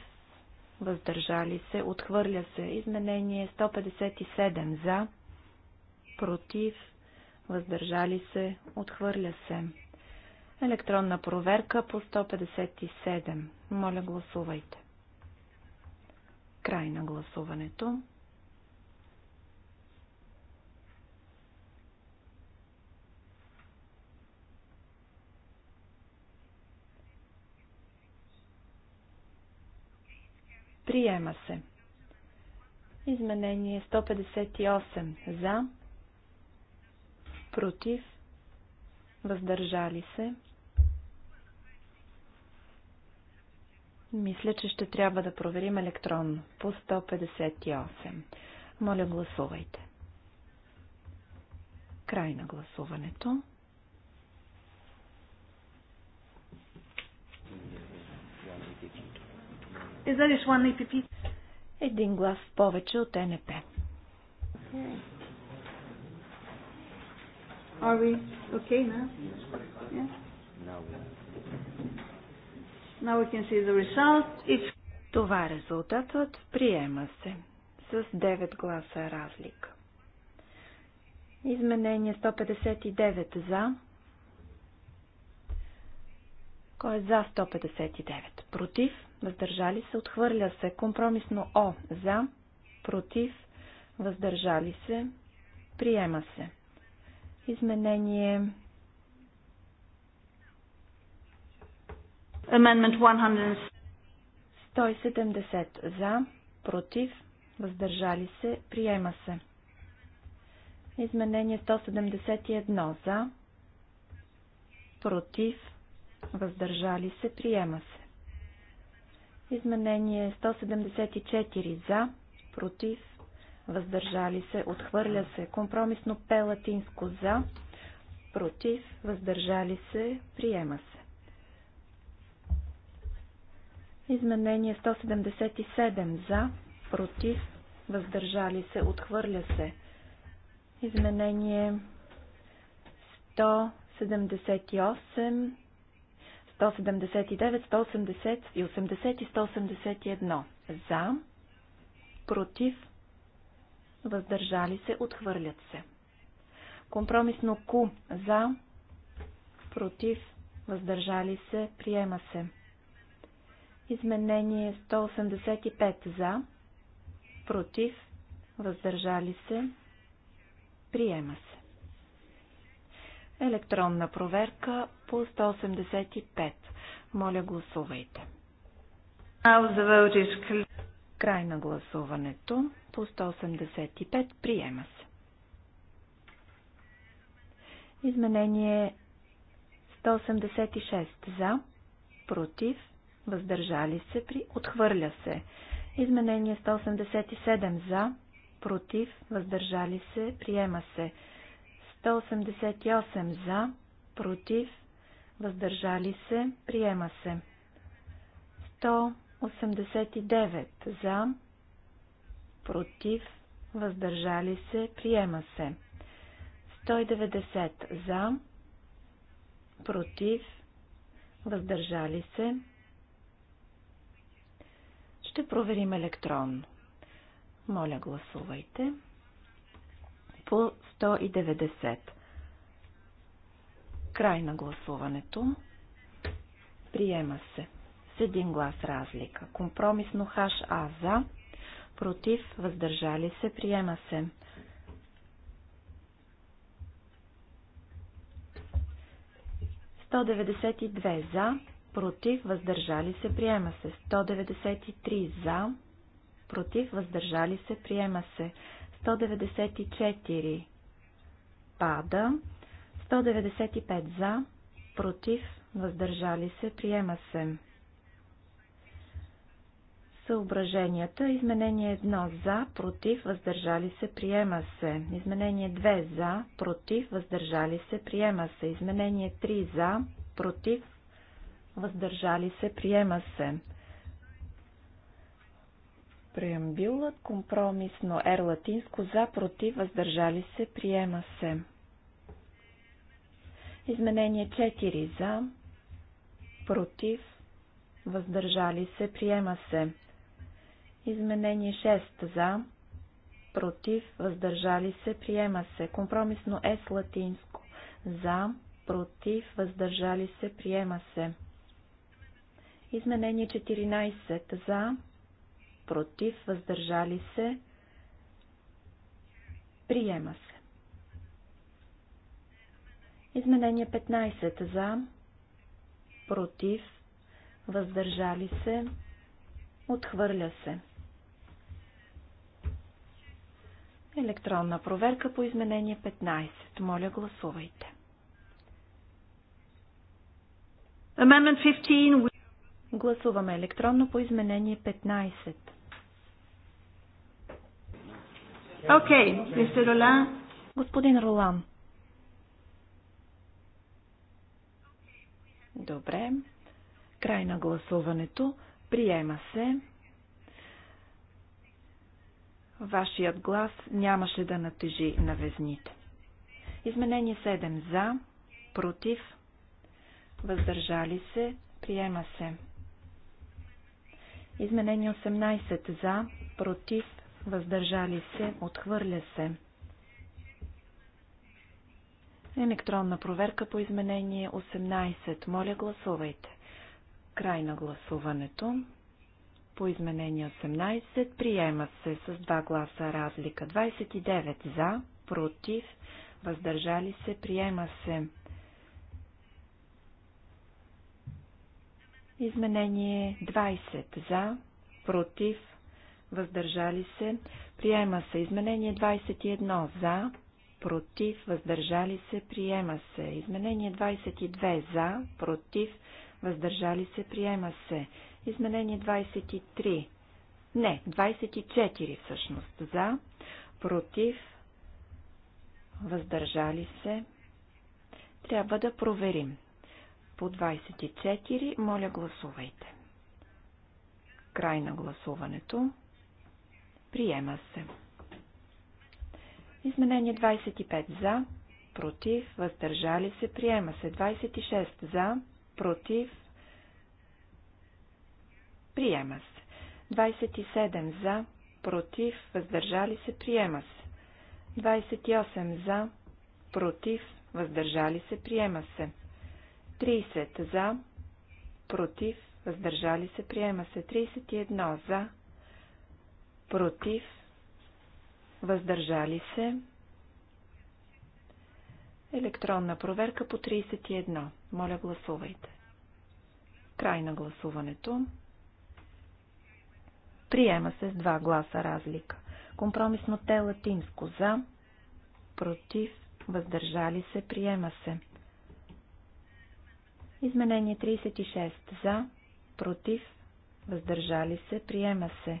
въздържали се, отхвърля се. Изменение 157 за, против, въздържали се, отхвърля се. Електронна проверка по 157. Моля гласувайте. Край на гласуването. Приема се. Изменение 158 за, против, въздържали се. Мисля, че ще трябва да проверим електронно по 158. Моля, гласувайте. Край на гласуването. Един глас повече от НП. Are we okay now? Yeah. Now we can see the result. Това е резултатът. Приема се. С 9 гласа разлика. Изменение 159 за кой е за 159? Против? Въздържали се? Отхвърля се. Компромисно О. За? Против? Въздържали се? Приема се. Изменение Amendment 100. 170 за, против, въздържали се, приема се. Изменение 171 за, против, въздържали се, приема се. Изменение 174 за, против, въздържали се, отхвърля се. Компромисно П латинско за, против, въздържали се, приема се. Изменение 177 за, против, въздържали се, отхвърля се. Изменение 178 179, 180 и 80 и 181 за, против, въздържали се, отхвърлят се. Компромисно Q за, против, въздържали се, приема се. Изменение 185 за, против, въздържали се, приема се. Електронна проверка по 185. Моля гласувайте. Край на гласуването по 185 приема се. Изменение 186 за, против, въздържали се при, отхвърля се. Изменение 187 за, против, въздържали се, приема се. 188 за, против, въздържали се, приема се. 189 за, против, въздържали се, приема се. 190 за, против, въздържали се. Ще проверим електронно. Моля, гласувайте по 190. Край на гласуването. Приема се. С един глас разлика. Компромисно хаш А за. Против. Въздържали се. Приема се. Сто за. Против. Въздържали се. Приема се. 193 за. Против. Въздържали се. Приема се. 194 пада. 195 за, против, въздържали се, приема се. Съображенията. Изменение 1 за, против, въздържали се, приема се. Изменение 2 за, против, въздържали се, приема се. Изменение 3 за, против, въздържали се, приема се. Преамбилът Компромисно Ер латинско за, против, въздържали се, приема се. Изменение 4 за, против, въздържали се, приема се. Изменение 6 за, против, въздържали се, приема се. Компромисно С латинско за, против, въздържали се, приема се. Изменение 14 за, против, въздържали се, приема се. Изменение 15 за, против, въздържали се, отхвърля се. Електронна проверка по изменение 15. Моля, гласувайте. Гласуваме електронно по изменение 15. Окей, мистер Ролан. Господин Ролан. Добре. Край на гласуването. Приема се. Вашият глас нямаше да натежи на везните. Изменение 7 за, против, въздържали се, приема се. Изменение 18 за, против, въздържали се, отхвърля се. Електронна проверка по изменение 18. Моля гласувайте. Край на гласуването. По изменение 18 приема се с два гласа разлика. 29 за, против, въздържали се, приема се. Изменение 20 за, против, въздържали се, приема се. Изменение 21 за, против, въздържали се, приема се. Изменение 22 за, против, въздържали се, приема се. Изменение 23. Не, 24 всъщност. За, против, въздържали се. Трябва да проверим. По 24, моля гласувайте. Край на гласуването. Приема се. Изменение 25 за, против, въздържали се, приема се. 26 за, против, приема се. 27 за, против, въздържали се, приема се. 28 за, против, въздържали се, приема се. 30 за, против, въздържали се, приема се. 31 за, против, въздържали се. Електронна проверка по 31. Моля гласувайте. Край на гласуването. Приема се с два гласа разлика. Компромисно те латинско за, против, въздържали се, приема се. Изменение 36 за, против, въздържали се, приема се.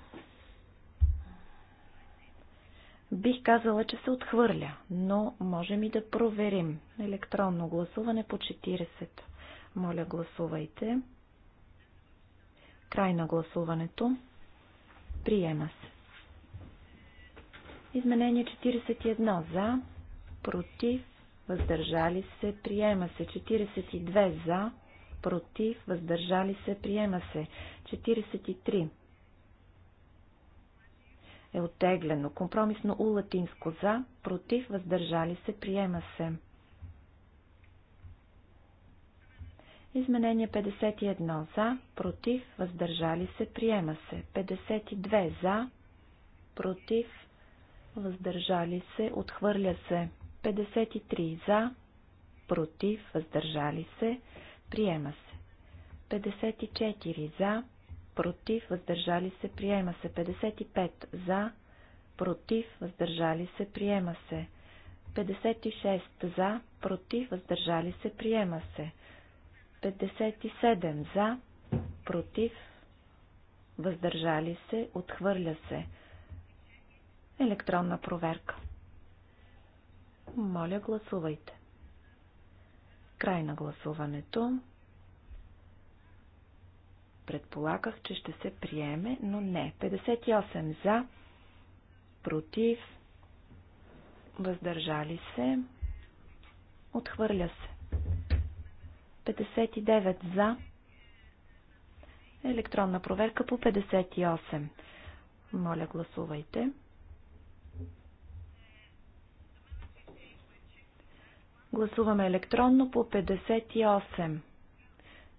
Бих казала, че се отхвърля, но можем и да проверим. Електронно гласуване по 40. Моля, гласувайте. Край на гласуването. Приема се. Изменение 41 за, против, въздържали се, приема се. 42 за, против, въздържали се, приема се. 43 е оттеглено. Компромисно у латинско за, против, въздържали се, приема се. Изменение 51 за, против, въздържали се, приема се. 52 за, против, въздържали се, отхвърля се. 53 за, против, въздържали се, приема се. 54 за, против, въздържали се, приема се. 55 за, против, въздържали се, приема се. 56 за, против, въздържали се, приема се. 57 за, против, въздържали се, отхвърля се. Електронна проверка. Моля, гласувайте. Край на гласуването. Предполагах, че ще се приеме, но не. 58 за, против, въздържали се, отхвърля се. 59 за, електронна проверка по 58. Моля, гласувайте. Гласуваме електронно по 58.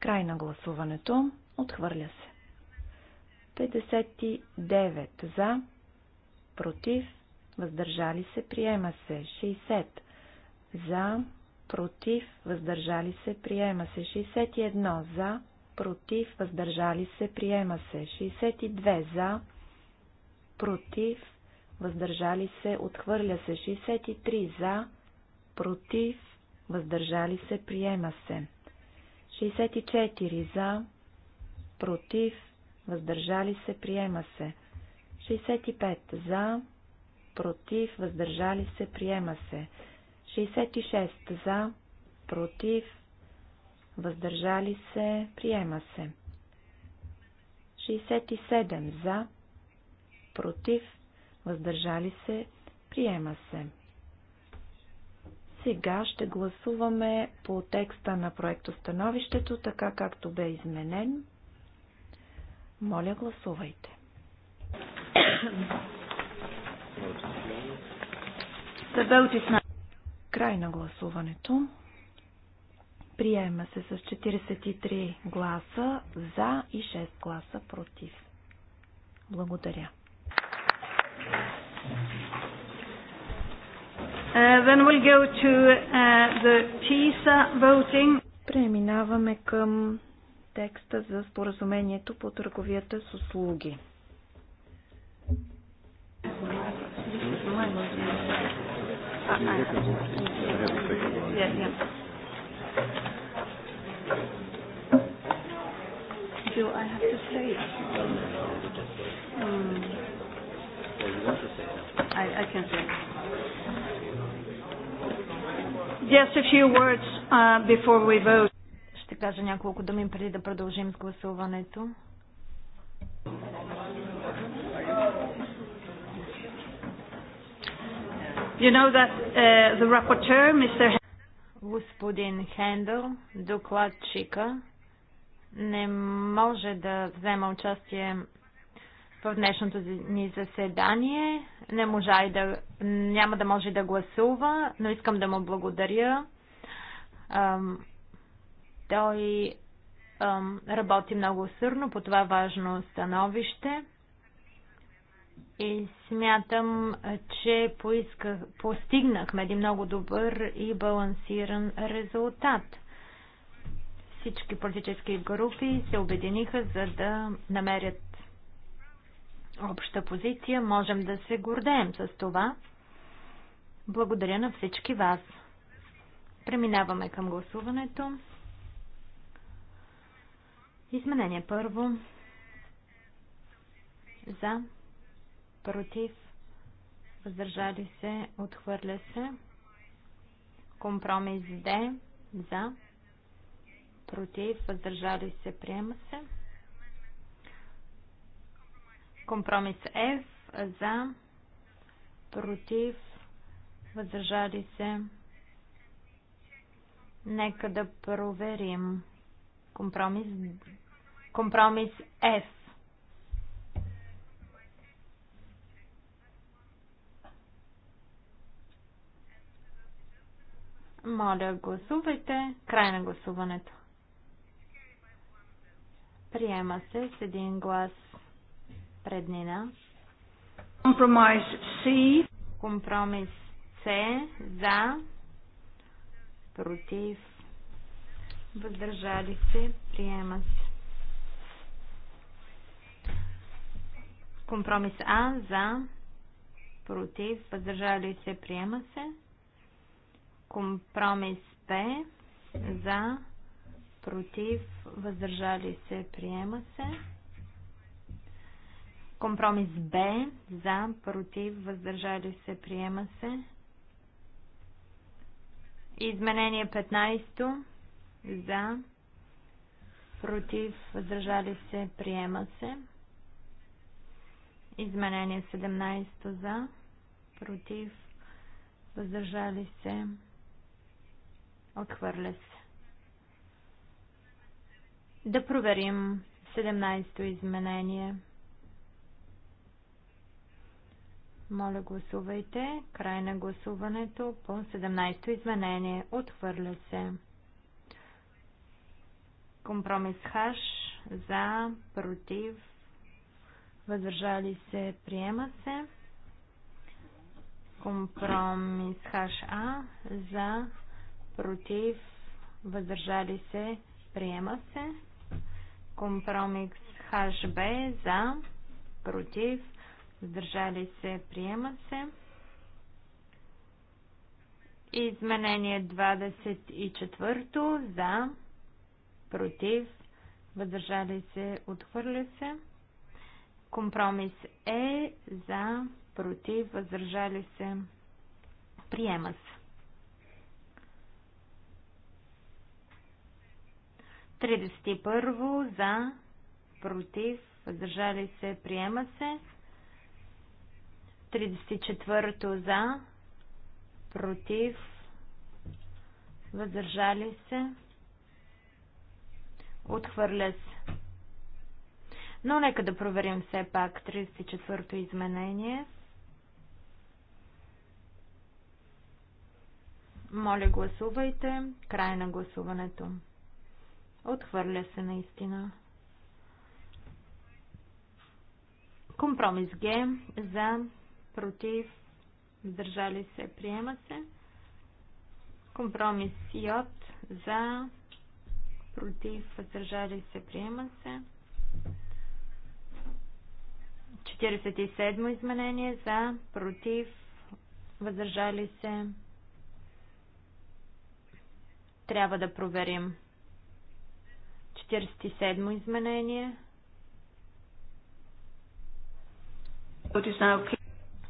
Край на гласуването. Отхвърля се. 59 за, против, въздържали се, приема се. 60 за, против, въздържали се, приема се. 61 за, против, въздържали се, приема се. 62 за, против, въздържали се, отхвърля се. 63 за, против, въздържали се, приема се. 64 за, против, въздържали се, приема се. 65 за, против, въздържали се, приема се. 66 за, против, въздържали се, приема се. 67 за, против, въздържали се, приема се. Сега ще гласуваме по текста на становището, така както бе изменен. Моля, гласувайте. Край на гласуването. Приема се с 43 гласа за и 6 гласа против. Благодаря. Uh, then we'll go to uh, the PISA voting. Преминаваме към текста за споразумението по търговията с услуги. Do I have to say it? Mm. Well, you want to say it. I, I can say it. Just a few words uh, before we vote. Ще кажа няколко думи преди да продължим с гласуването. You know that uh, the rapporteur, Mr. Господин Хендъл, докладчика, не може да взема участие в днешното ни заседание. Не можа и да, няма да може да гласува, но искам да му благодаря. Той ъм, работи много усърно по това важно становище и смятам, че поисках, постигнахме един много добър и балансиран резултат. Всички политически групи се обединиха, за да намерят обща позиция. Можем да се гордеем с това. Благодаря на всички вас. Преминаваме към гласуването. Изменение първо. За. Против. Въздържали се. Отхвърля се. Компромис Д. За. Против. Въздържали се. Приема се. Компромис F. За. Против. Въздържали се. Нека да проверим. Компромис Компромис F. Моля, гласувайте. Край на гласуването. Приема се с един глас преднина. Компромис С. Компромис С. За. Против. Въздържали се. Приема се. Компромис А за, против, въздържали се, приема се. Компромис Б за, против, въздържали се, приема се. Компромис Б за, против, въздържали се, приема се. Изменение 15 за, против, въздържали се, приема се. Изменение 17 за, против, въздържали се, отхвърля се. Да проверим 17-то изменение. Моля гласувайте. Край на гласуването по 17-то изменение. Отхвърля се. Компромис хаш за, против, въздържали се, приема се. Компромис ХА за, против, въздържали се, приема се. Компромис ХБ за, против, въздържали се, приема се. Изменение 24 за, против, въздържали се, отхвърля се. Компромис е за, против, въздържали се, приема се. 31 за, против, въздържали се, приема се. 34 за, против, въздържали се, отхвърля се. Но нека да проверим все пак 34-то изменение. Моля, гласувайте. Край на гласуването. Отхвърля се наистина. Компромис Г за, против, въздържали се, приема се. Компромис J за, против, въздържали се, приема се. 47 изменение за, против, въздържали се. Трябва да проверим. 47 изменение.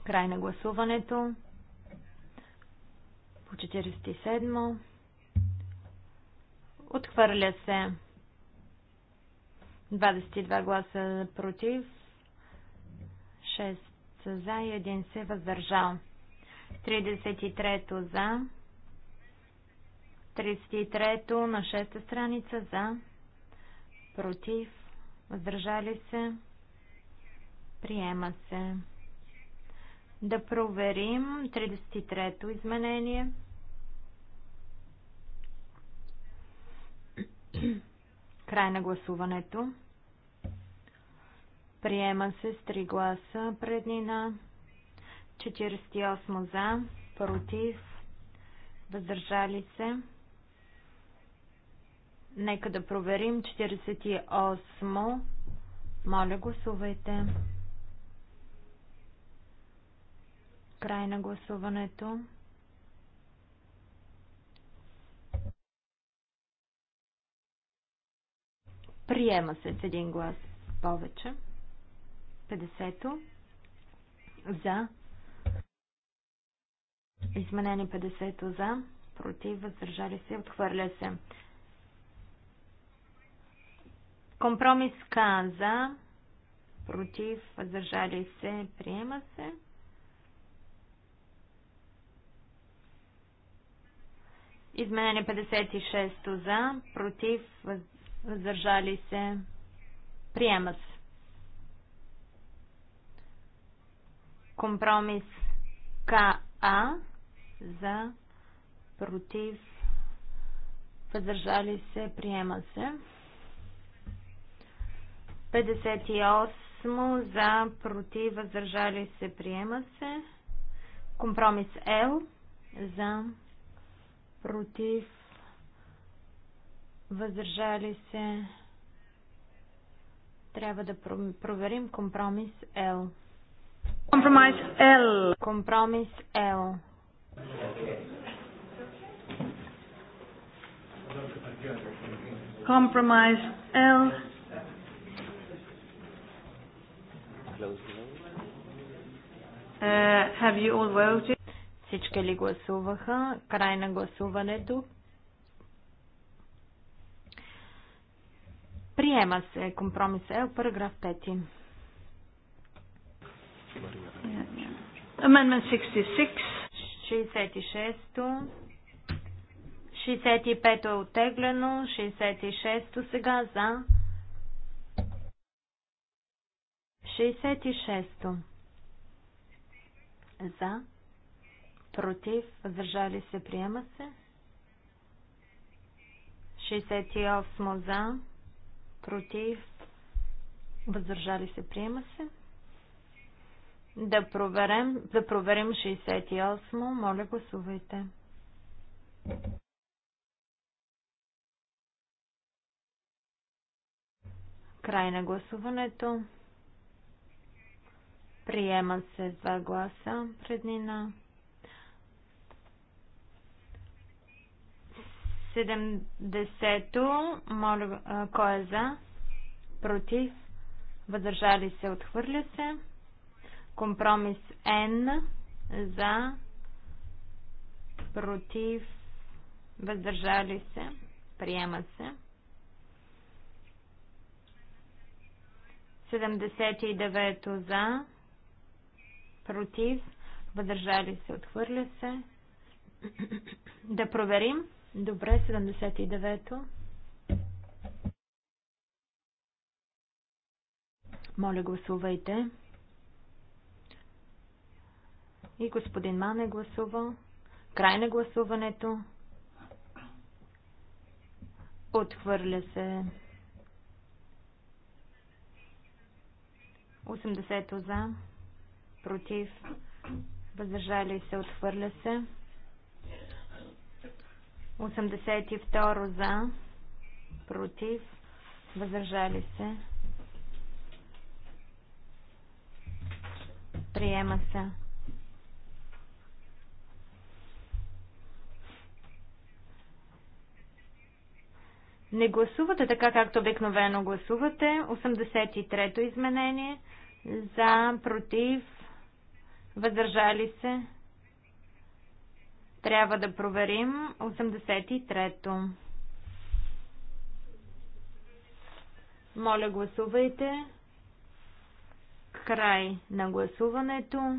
Край на гласуването. По 47. Отхвърля се. 22 гласа против, 6 за и 1 се въздържал. 33 за. 33 на 6-та страница за. Против. Въздържали се. Приема се. Да проверим 33-то изменение. Край на гласуването. Приема се с 3 гласа преднина. 48 за, против, въздържали се. Нека да проверим. 48. Моля, гласувайте. Край на гласуването. Приема се с един глас повече. 50 за. Изменени 50 за. Против, въздържали се, отхвърля се. Компромис К за. Против, въздържали се, приема се. Изменени 56 за, против, въздържали се, приема се. Компромис КА за против въздържали се приема се. 58 за против въздържали се приема се. Компромис Л за против въздържали се. Трябва да проверим компромис Л. Compromise L. Compromise L. Compromise L. Uh, have you all voted? Всички ли гласуваха? Край на гласуването. Приема се компромис L, параграф 5. Amendment 66. 66-то. 65-то е оттеглено. 66-то сега за. 66-то. За. Против. Въздържали се. Приема се. 68 за. Против. Въздържали се. Приема се. Да проверим, да проверим 68. Моля, гласувайте. Край на гласуването. Приема се два гласа преднина. 70-то, моля, кой е за? Против? Въдържали се, отхвърля се. Компромис Н за против въздържали се приема се. 79 за против въздържали се отхвърля се. Да проверим. Добре, 79-то. Моля, гласувайте. И господин Мане гласувал. Край на гласуването. Отхвърля се. 80 за. Против. Въздържали се. Отхвърля се. 82 за. Против. Въздържали се. Приема се. Не гласувате така, както обикновено гласувате. 83-то изменение. За, против, въздържали се. Трябва да проверим 83-то. Моля, гласувайте. Край на гласуването.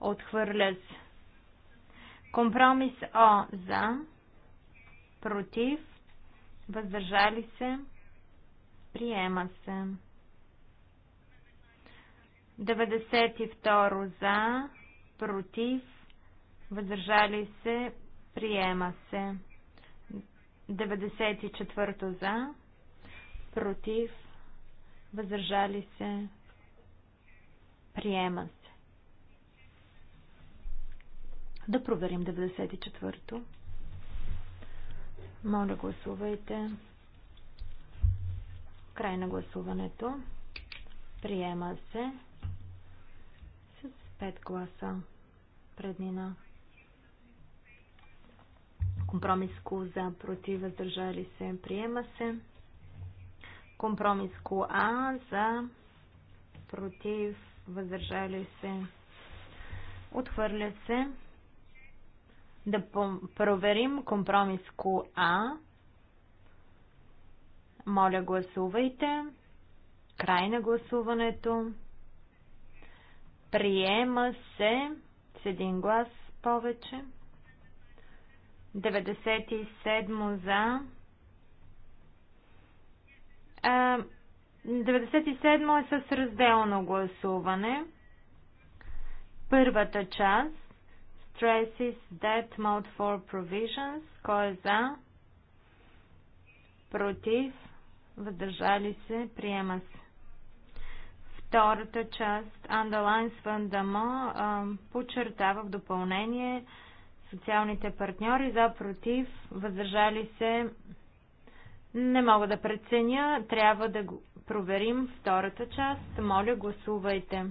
Отхвърля се. Компромис О за против, въздържали се, приема се. 92 за, против, въздържали се, приема се. 94 за, против, въздържали се, приема се. Да проверим 94-то. Моля, гласувайте. Край на гласуването. Приема се с 5 гласа преднина. Компромис за против, въздържали се, приема се. Компромис А за против, въздържали се, отхвърля се. Да проверим компромис КА. Моля, гласувайте. Край на гласуването. Приема се с един глас повече. 97 за. 97 е с разделно гласуване. Първата част stresses that mode for provisions. Кой е за? Против? Въздържали се? Приема се. Втората част, Underlines Вандама, подчертава в допълнение социалните партньори за против, въздържали се. Не мога да преценя, трябва да проверим втората част. Моля, гласувайте.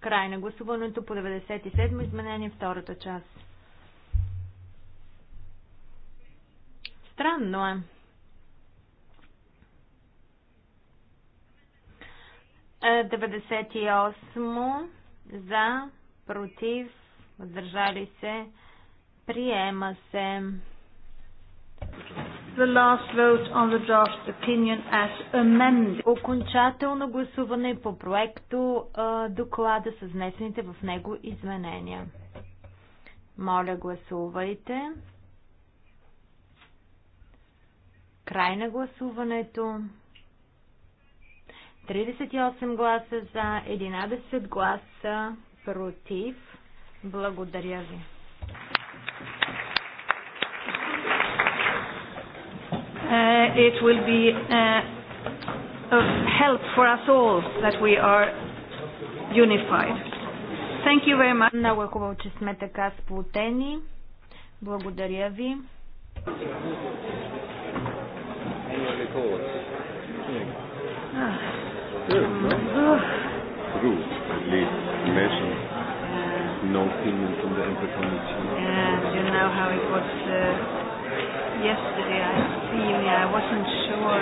Край на гласуването по 97 изменение втората част. Странно е. е 98 за, против, въздържали се, приема се the last vote on the draft opinion as amended. Окончателно гласуване по проекто доклада с внесените в него изменения. Моля, гласувайте. Край на гласуването. 38 гласа за, 11 гласа против. Благодаря ви. it will be uh, of help for us all that we are unified. Thank you very much. Много е хубаво, че сме така сплутени. Благодаря ви. No opinion from the Emperor Committee. And you know how it was. Uh, yesterday I seen, I wasn't sure.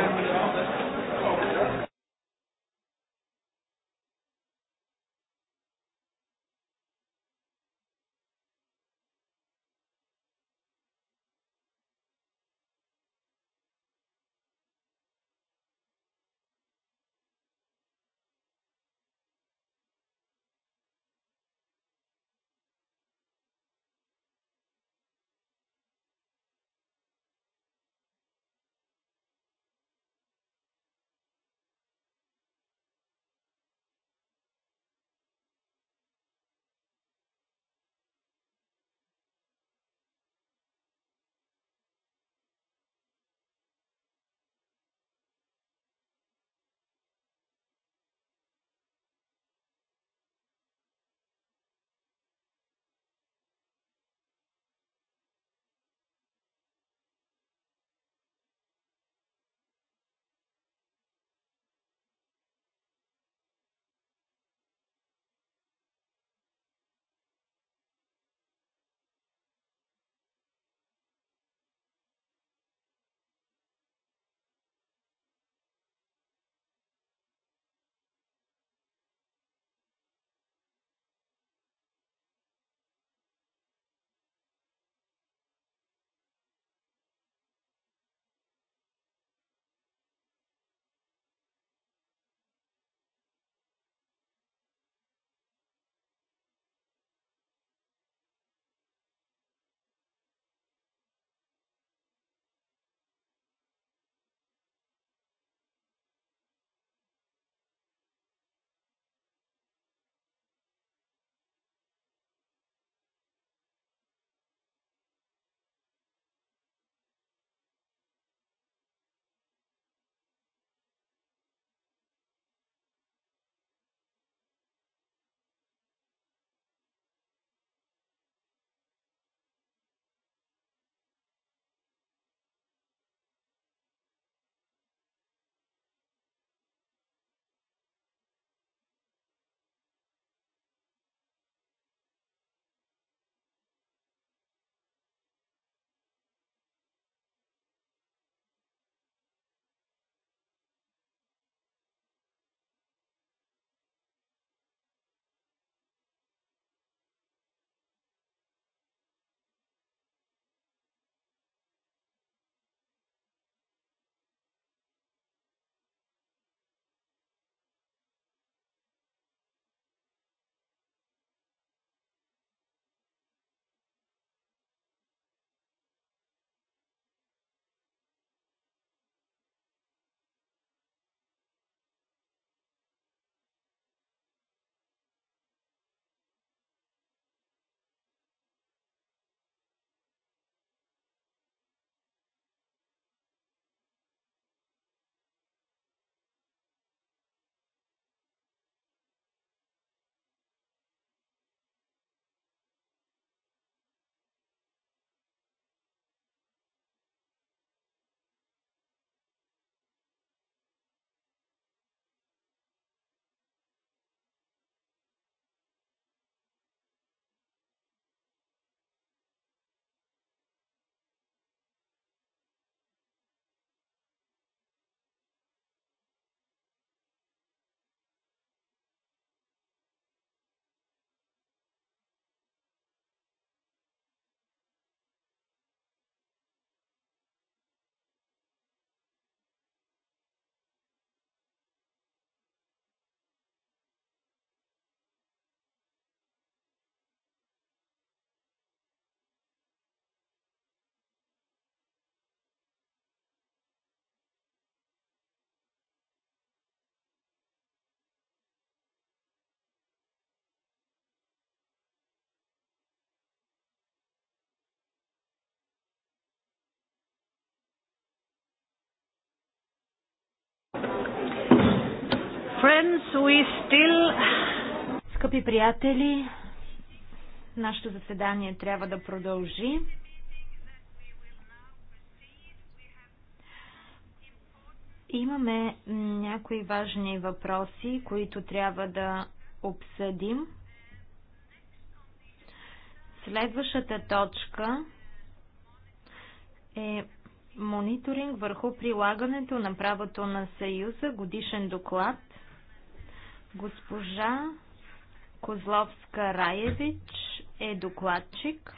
Friends, we still... Скъпи приятели, нашето заседание трябва да продължи. Имаме някои важни въпроси, които трябва да обсъдим. Следващата точка е мониторинг върху прилагането на правото на Съюза, годишен доклад Госпожа Козловска Раевич е докладчик.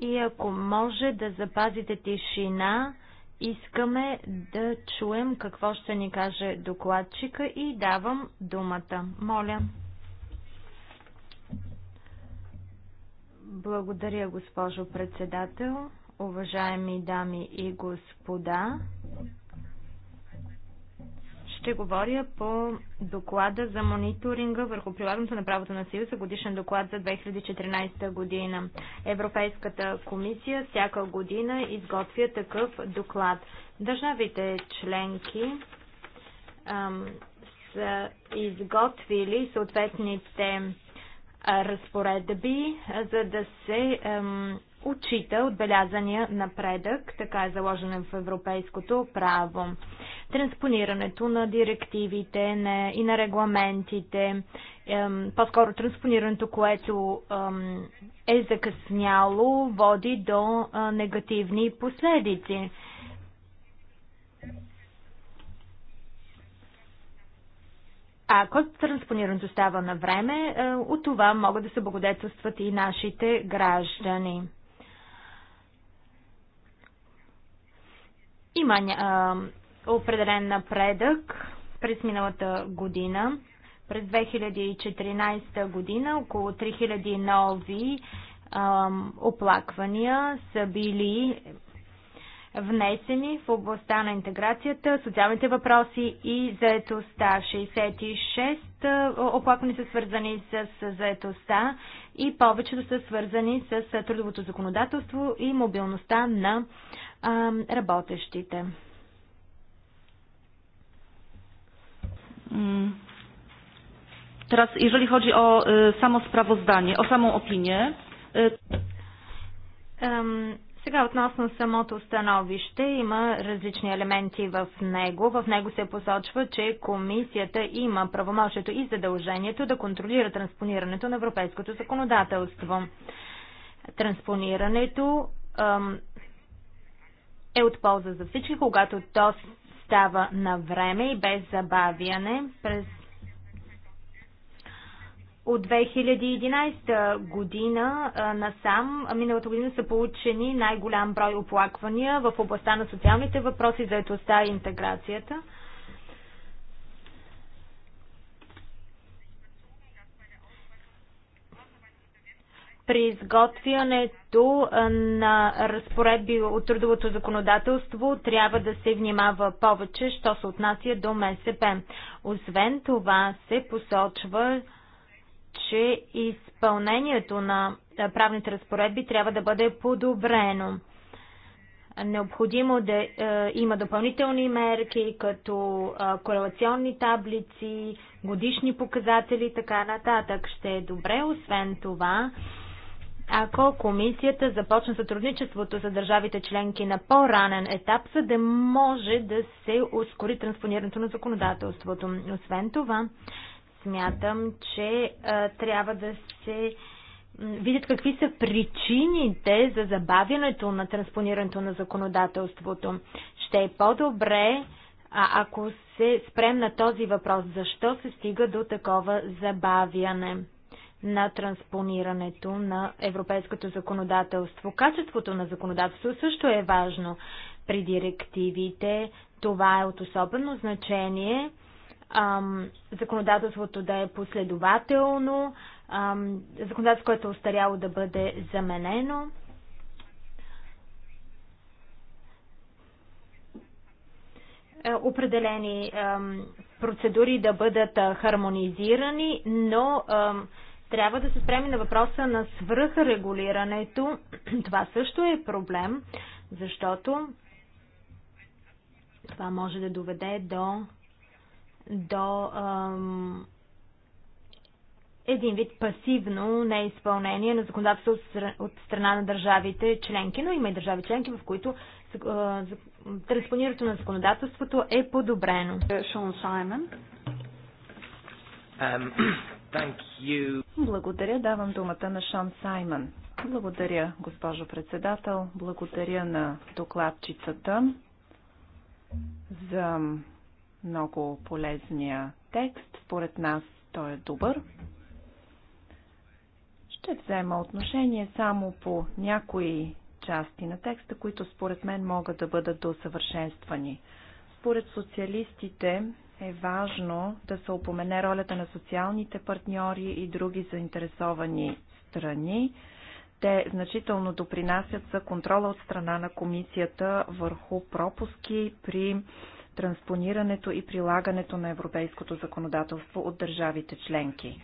И ако може да запазите тишина, искаме да чуем какво ще ни каже докладчика и давам думата. Моля. Благодаря, госпожо председател, уважаеми дами и господа. Ще говоря по доклада за мониторинга върху прилагането на правото на Съюза, годишен доклад за 2014 година. Европейската комисия всяка година изготвя такъв доклад. Държавите членки ам, са изготвили съответните разпоредби, за да се ам, отчита отбелязания напредък, така е заложено в европейското право. Транспонирането на директивите и на регламентите, по-скоро транспонирането, което е закъсняло, води до негативни последици. Ако транспонирането става на време, е, от това могат да се благодетелстват и нашите граждани. Има а, определен напредък през миналата година. През 2014 година около 3000 нови а, оплаквания са били внесени в областта на интеграцията, социалните въпроси и заетостта. 66 оплаквани са свързани с заетостта и повечето са свързани с трудовото законодателство и мобилността на работещите. Teraz, jeżeli chodzi o e, samo sprawozdanie, o samą opinię. Um, сега относно самото становище има различни елементи в него. В него се посочва, че комисията има правомощието и задължението да контролира транспонирането на европейското законодателство. Транспонирането е от полза за всички, когато то става на време и без забавяне. През от 2011 година насам, миналата година са получени най-голям брой оплаквания в областта на социалните въпроси, заедостта и интеграцията. при изготвянето на разпоредби от трудовото законодателство трябва да се внимава повече, що се отнася до МСП. Освен това се посочва, че изпълнението на правните разпоредби трябва да бъде подобрено. Необходимо да е, има допълнителни мерки, като е, корелационни таблици, годишни показатели и така нататък. Ще е добре, освен това, ако комисията започне сътрудничеството за държавите членки на по-ранен етап, за да може да се ускори транспонирането на законодателството. Освен това, смятам, че а, трябва да се видят какви са причините за забавянето на транспонирането на законодателството. Ще е по-добре, ако се спрем на този въпрос, защо се стига до такова забавяне на транспонирането на европейското законодателство. Качеството на законодателство също е важно при директивите. Това е от особено значение ам, законодателството да е последователно, ам, законодателство, което е устаряло да бъде заменено. Е, определени ам, процедури да бъдат а, хармонизирани, но ам, трябва да се спреми на въпроса на свръхрегулирането. Това също е проблем, защото това може да доведе до до ам, един вид пасивно неизпълнение на законодателство от страна на държавите членки, но има и държави членки, в които а, транспонирането на законодателството е подобрено. Шон Саймон. Благодаря. Давам думата на Шон Саймон. Благодаря, госпожо председател. Благодаря на докладчицата за много полезния текст. Според нас той е добър. Ще взема отношение само по някои части на текста, които според мен могат да бъдат досъвършенствани. Според социалистите е важно да се упомене ролята на социалните партньори и други заинтересовани страни. Те значително допринасят за контрола от страна на комисията върху пропуски при транспонирането и прилагането на европейското законодателство от държавите членки.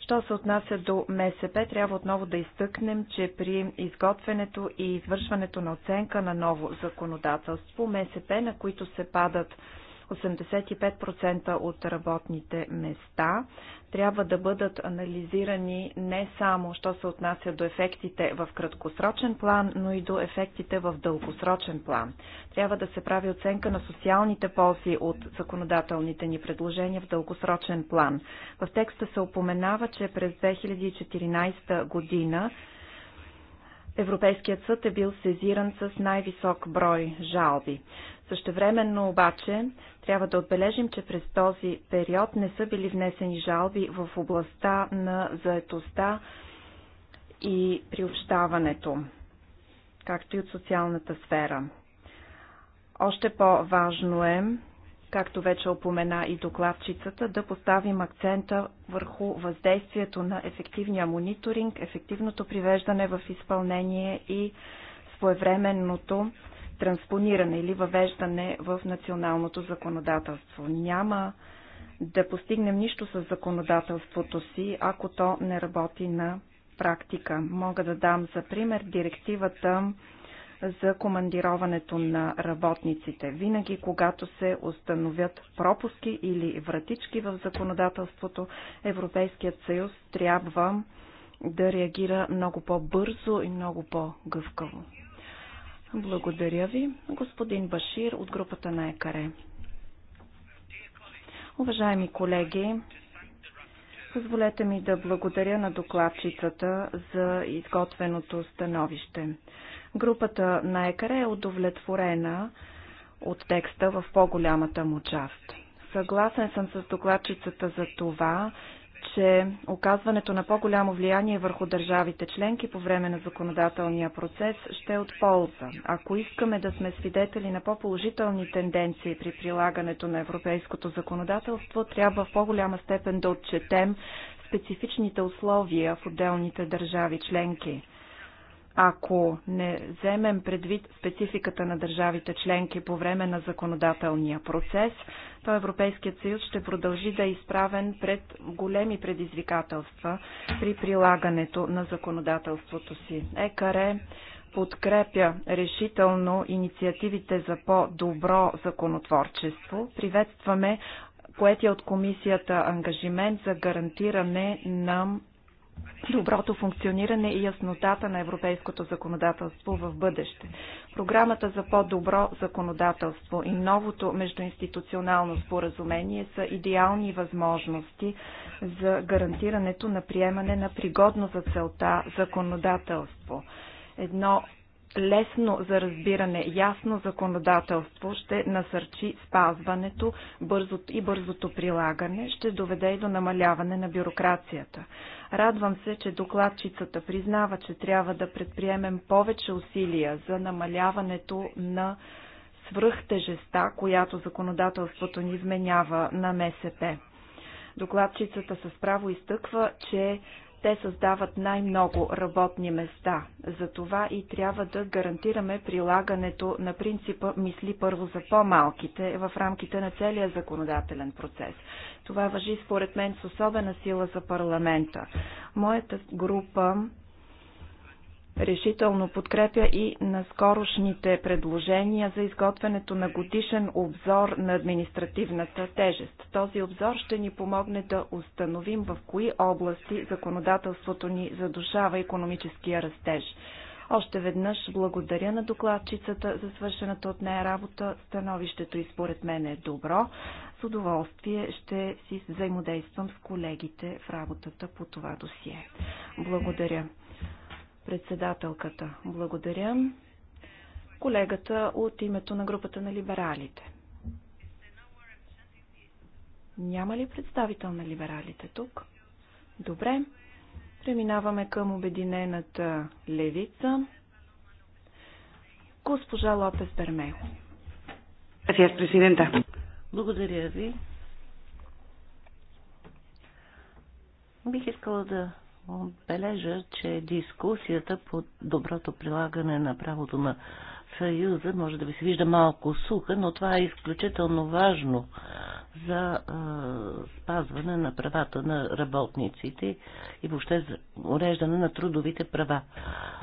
Що се отнася до МСП, трябва отново да изтъкнем, че при изготвянето и извършването на оценка на ново законодателство, МСП, на които се падат 85% от работните места трябва да бъдат анализирани не само, що се отнася до ефектите в краткосрочен план, но и до ефектите в дългосрочен план. Трябва да се прави оценка на социалните ползи от законодателните ни предложения в дългосрочен план. В текста се упоменава, че през 2014 година Европейският съд е бил сезиран с най-висок брой жалби. Същевременно обаче трябва да отбележим, че през този период не са били внесени жалби в областта на заетостта и приобщаването, както и от социалната сфера. Още по-важно е, както вече опомена и докладчицата, да поставим акцента върху въздействието на ефективния мониторинг, ефективното привеждане в изпълнение и своевременното транспониране или въвеждане в националното законодателство. Няма да постигнем нищо с законодателството си, ако то не работи на практика. Мога да дам за пример директивата за командироването на работниците. Винаги, когато се установят пропуски или вратички в законодателството, Европейският съюз трябва да реагира много по-бързо и много по-гъвкаво. Благодаря ви, господин Башир от групата на ЕКАРЕ. Уважаеми колеги, позволете ми да благодаря на докладчицата за изготвеното становище. Групата на ЕКАРЕ е удовлетворена от текста в по-голямата му част. Съгласен съм с докладчицата за това, че оказването на по-голямо влияние върху държавите членки по време на законодателния процес ще е от полза. Ако искаме да сме свидетели на по-положителни тенденции при прилагането на европейското законодателство, трябва в по-голяма степен да отчетем специфичните условия в отделните държави членки. Ако не вземем предвид спецификата на държавите членки по време на законодателния процес, то Европейският съюз ще продължи да е изправен пред големи предизвикателства при прилагането на законодателството си. ЕКАРЕ подкрепя решително инициативите за по-добро законотворчество. Приветстваме поетия от комисията ангажимент за гарантиране на доброто функциониране и яснотата на европейското законодателство в бъдеще. Програмата за по-добро законодателство и новото междуинституционално споразумение са идеални възможности за гарантирането на приемане на пригодно за целта законодателство. Едно лесно за разбиране, ясно законодателство ще насърчи спазването бързото и бързото прилагане, ще доведе и до намаляване на бюрокрацията. Радвам се, че докладчицата признава, че трябва да предприемем повече усилия за намаляването на свръхтежеста, която законодателството ни изменява на МСП. Докладчицата с право изтъква, че те създават най-много работни места. Затова и трябва да гарантираме прилагането на принципа мисли първо за по-малките в рамките на целия законодателен процес. Това въжи според мен с особена сила за парламента. Моята група решително подкрепя и наскорошните предложения за изготвянето на годишен обзор на административната тежест. Този обзор ще ни помогне да установим в кои области законодателството ни задушава економическия растеж. Още веднъж благодаря на докладчицата за свършената от нея работа. Становището и според мен е добро. С удоволствие ще си взаимодействам с колегите в работата по това досие. Благодаря. Председателката, благодаря. Колегата от името на групата на либералите. Няма ли представител на либералите тук? Добре. Преминаваме към обединената левица. Госпожа Лопес Бермехо. Благодаря ви. Бих искала да отбележа, че дискусията по доброто прилагане на правото на Съюза може да ви се вижда малко суха, но това е изключително важно за а, спазване на правата на работниците и въобще за уреждане на трудовите права.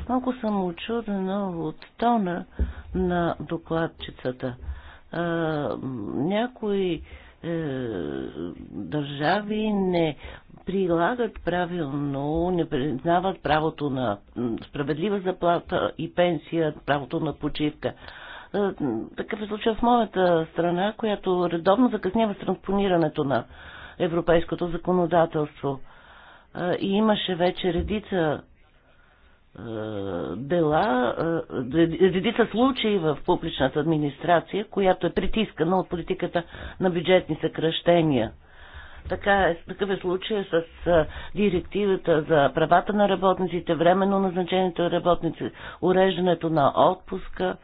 Малко съм очудена от тона на докладчицата. А, някои е, държави не прилагат правилно, не признават правото на справедлива заплата и пенсия, правото на почивка. Е, такъв е случай в моята страна, която редовно закъснява с транспонирането на европейското законодателство. Е, и имаше вече редица е, дела, редица случаи в публичната администрация, която е притискана от политиката на бюджетни съкръщения – така е, такъв е случая с а, директивата за правата на работниците, временно назначението на работници, уреждането на отпуска.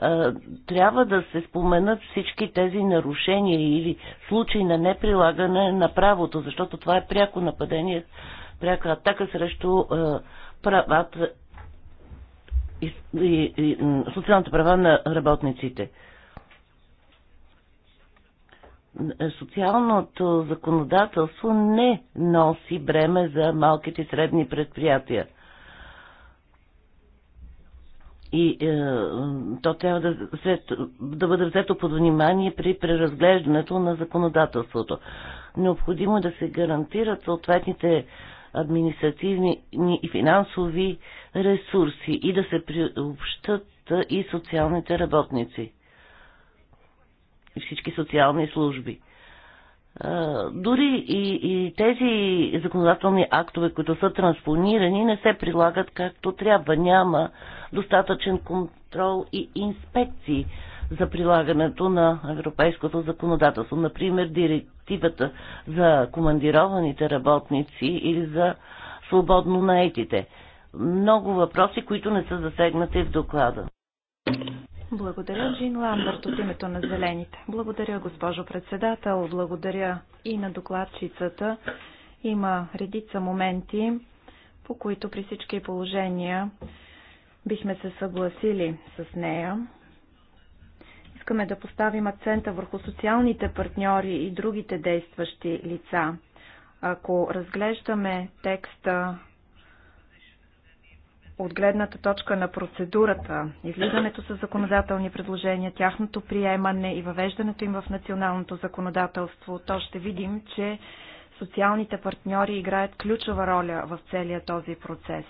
А, трябва да се споменат всички тези нарушения или случаи на неприлагане на правото, защото това е пряко нападение, пряка атака срещу а, правата и, и, и социалните права на работниците социалното законодателство не носи бреме за малките и средни предприятия. И е, то трябва да, след, да бъде взето под внимание при преразглеждането на законодателството. Необходимо е да се гарантират съответните административни и финансови ресурси и да се приобщат и социалните работници и всички социални служби. Дори и, и тези законодателни актове, които са транспонирани, не се прилагат както трябва. Няма достатъчен контрол и инспекции за прилагането на европейското законодателство. Например, директивата за командированите работници или за свободно наетите. Много въпроси, които не са засегнати в доклада. Благодаря, Джин Ламбърт, от името на Зелените. Благодаря, госпожо председател. Благодаря и на докладчицата. Има редица моменти, по които при всички положения бихме се съгласили с нея. Искаме да поставим акцента върху социалните партньори и другите действащи лица. Ако разглеждаме текста от гледната точка на процедурата, излизането с законодателни предложения, тяхното приемане и въвеждането им в националното законодателство, то ще видим, че социалните партньори играят ключова роля в целия този процес.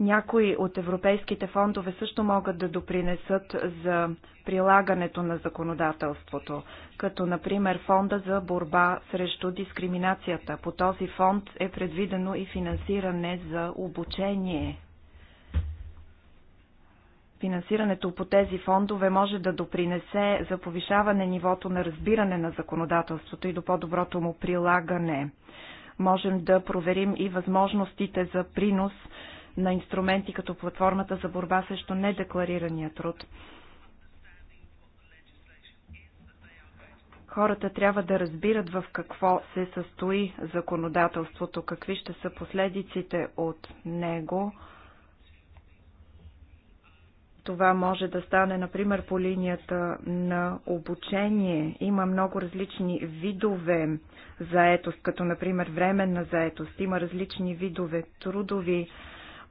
Някои от европейските фондове също могат да допринесат за прилагането на законодателството, като например фонда за борба срещу дискриминацията. По този фонд е предвидено и финансиране за обучение. Финансирането по тези фондове може да допринесе за повишаване нивото на разбиране на законодателството и до по-доброто му прилагане. Можем да проверим и възможностите за принос на инструменти като платформата за борба срещу недекларирания труд. Хората трябва да разбират в какво се състои законодателството, какви ще са последиците от него. Това може да стане, например, по линията на обучение. Има много различни видове заетост, като, например, временна заетост. Има различни видове трудови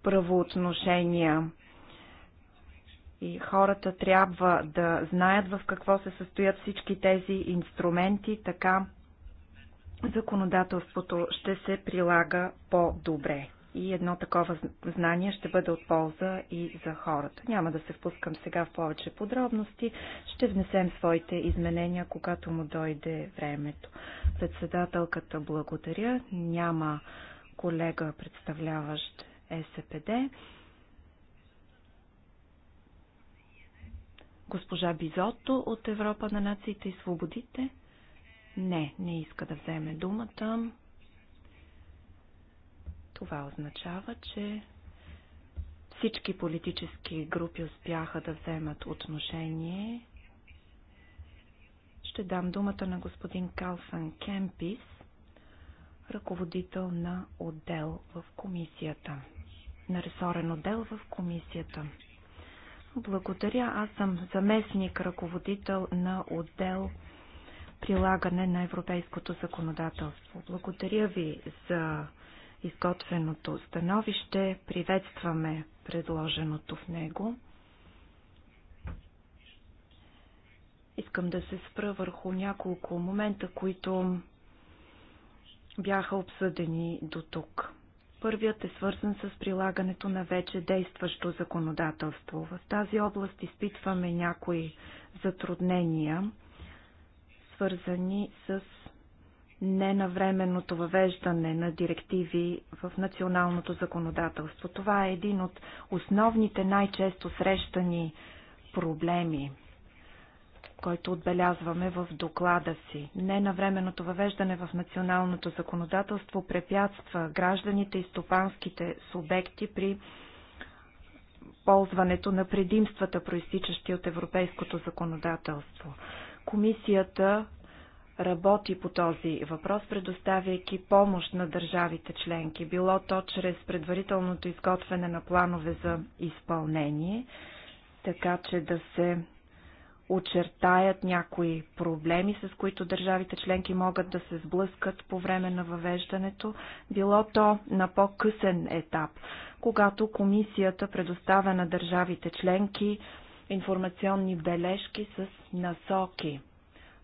правоотношения. И хората трябва да знаят в какво се състоят всички тези инструменти, така законодателството ще се прилага по-добре. И едно такова знание ще бъде от полза и за хората. Няма да се впускам сега в повече подробности. Ще внесем своите изменения, когато му дойде времето. Председателката благодаря. Няма колега, представляващ СПД. Госпожа Бизото от Европа на нациите и свободите? Не, не иска да вземе думата. Това означава, че всички политически групи успяха да вземат отношение. Ще дам думата на господин Калфан Кемпис, ръководител на отдел в комисията на ресорен отдел в комисията. Благодаря. Аз съм заместник ръководител на отдел прилагане на европейското законодателство. Благодаря ви за изготвеното становище. Приветстваме предложеното в него. Искам да се спра върху няколко момента, които бяха обсъдени до тук. Първият е свързан с прилагането на вече действащо законодателство. В тази област изпитваме някои затруднения, свързани с ненавременното въвеждане на директиви в националното законодателство. Това е един от основните най-често срещани проблеми който отбелязваме в доклада си. Ненавременното въвеждане в националното законодателство препятства гражданите и стопанските субекти при ползването на предимствата, проистичащи от европейското законодателство. Комисията работи по този въпрос, предоставяйки помощ на държавите членки, било то чрез предварителното изготвяне на планове за изпълнение, така че да се очертаят някои проблеми, с които държавите членки могат да се сблъскат по време на въвеждането, било то на по-късен етап, когато комисията предоставя на държавите членки информационни бележки с насоки,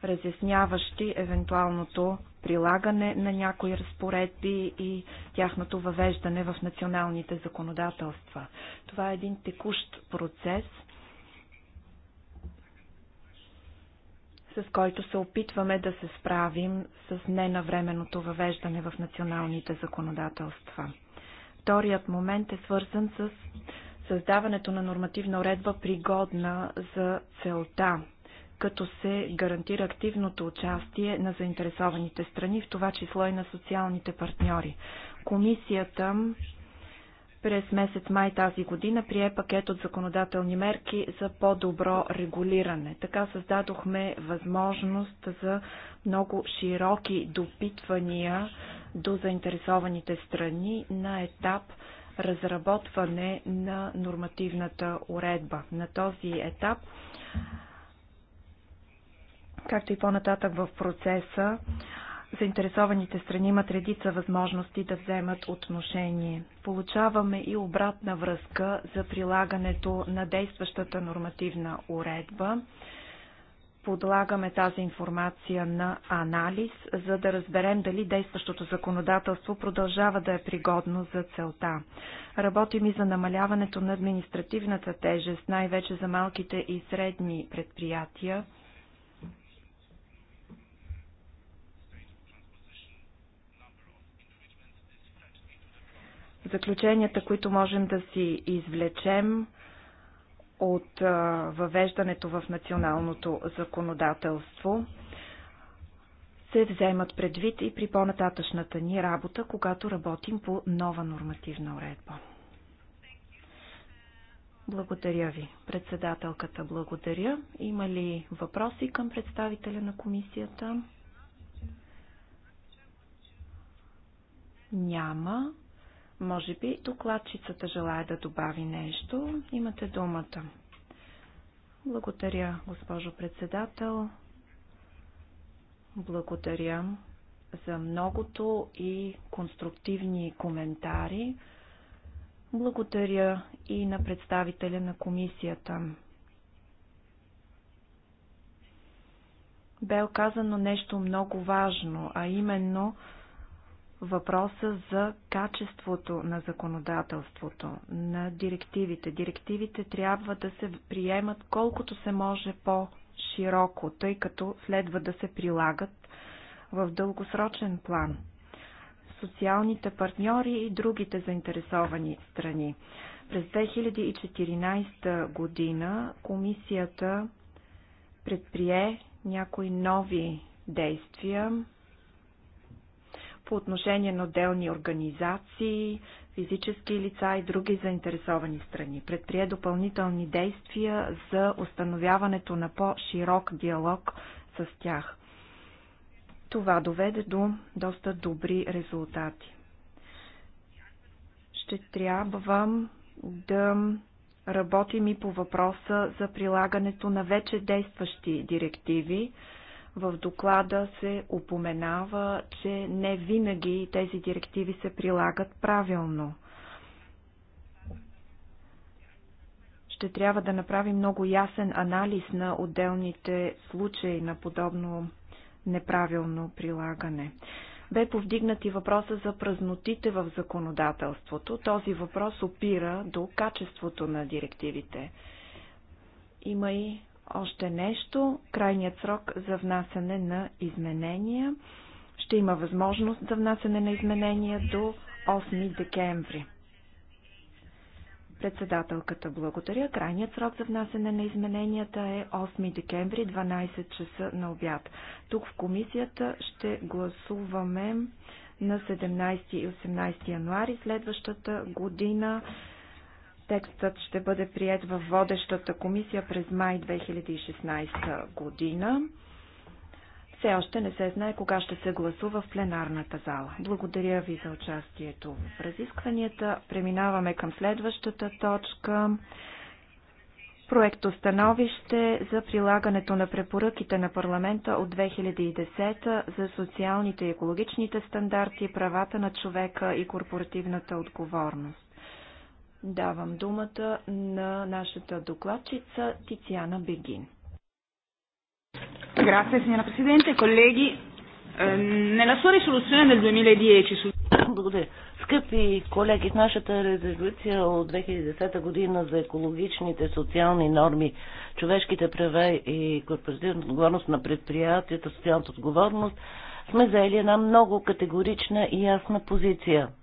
разясняващи евентуалното прилагане на някои разпоредби и тяхното въвеждане в националните законодателства. Това е един текущ процес – с който се опитваме да се справим с ненавременното въвеждане в националните законодателства. Вторият момент е свързан с създаването на нормативна уредба пригодна за целта, като се гарантира активното участие на заинтересованите страни, в това число и на социалните партньори. Комисията през месец май тази година прие пакет от законодателни мерки за по-добро регулиране. Така създадохме възможност за много широки допитвания до заинтересованите страни на етап разработване на нормативната уредба. На този етап, както и по-нататък в процеса, заинтересованите страни имат редица възможности да вземат отношение. Получаваме и обратна връзка за прилагането на действащата нормативна уредба. Подлагаме тази информация на анализ, за да разберем дали действащото законодателство продължава да е пригодно за целта. Работим и за намаляването на административната тежест, най-вече за малките и средни предприятия – Заключенията, които можем да си извлечем от въвеждането в националното законодателство, се вземат предвид и при по-нататъчната ни работа, когато работим по нова нормативна уредба. Благодаря ви, председателката. Благодаря. Има ли въпроси към представителя на комисията? Няма. Може би докладчицата желая да добави нещо. Имате думата. Благодаря, госпожо председател. Благодаря за многото и конструктивни коментари. Благодаря и на представителя на комисията. Бе оказано нещо много важно, а именно – въпроса за качеството на законодателството, на директивите. Директивите трябва да се приемат колкото се може по-широко, тъй като следва да се прилагат в дългосрочен план. Социалните партньори и другите заинтересовани страни. През 2014 година комисията предприе някои нови действия по отношение на отделни организации, физически лица и други заинтересовани страни. Предприе допълнителни действия за установяването на по-широк диалог с тях. Това доведе до доста добри резултати. Ще трябва да работим и по въпроса за прилагането на вече действащи директиви, в доклада се упоменава, че не винаги тези директиви се прилагат правилно. Ще трябва да направим много ясен анализ на отделните случаи на подобно неправилно прилагане. Бе повдигнати въпроса за празнотите в законодателството. Този въпрос опира до качеството на директивите. Има и още нещо, крайният срок за внасяне на изменения. Ще има възможност за внасяне на изменения до 8 декември. Председателката благодаря. Крайният срок за внасене на измененията е 8 декември, 12 часа на обяд. Тук в комисията ще гласуваме на 17 и 18 януари следващата година. Текстът ще бъде прият във водещата комисия през май 2016 година. Все още не се знае кога ще се гласува в пленарната зала. Благодаря ви за участието в разискванията. Преминаваме към следващата точка. Проекто становище за прилагането на препоръките на парламента от 2010 за социалните и екологичните стандарти, правата на човека и корпоративната отговорност. Давам думата на нашата докладчица Тициана Бегин. Grazie signora Presidente, colleghi. Ehm, nella sua risoluzione del 2010 Благодаря. Скъпи колеги, в нашата резолюция от 2010 година за екологичните социални норми, човешките права и корпоративната отговорност на предприятията, социалната отговорност, сме заели една много категорична и ясна позиция –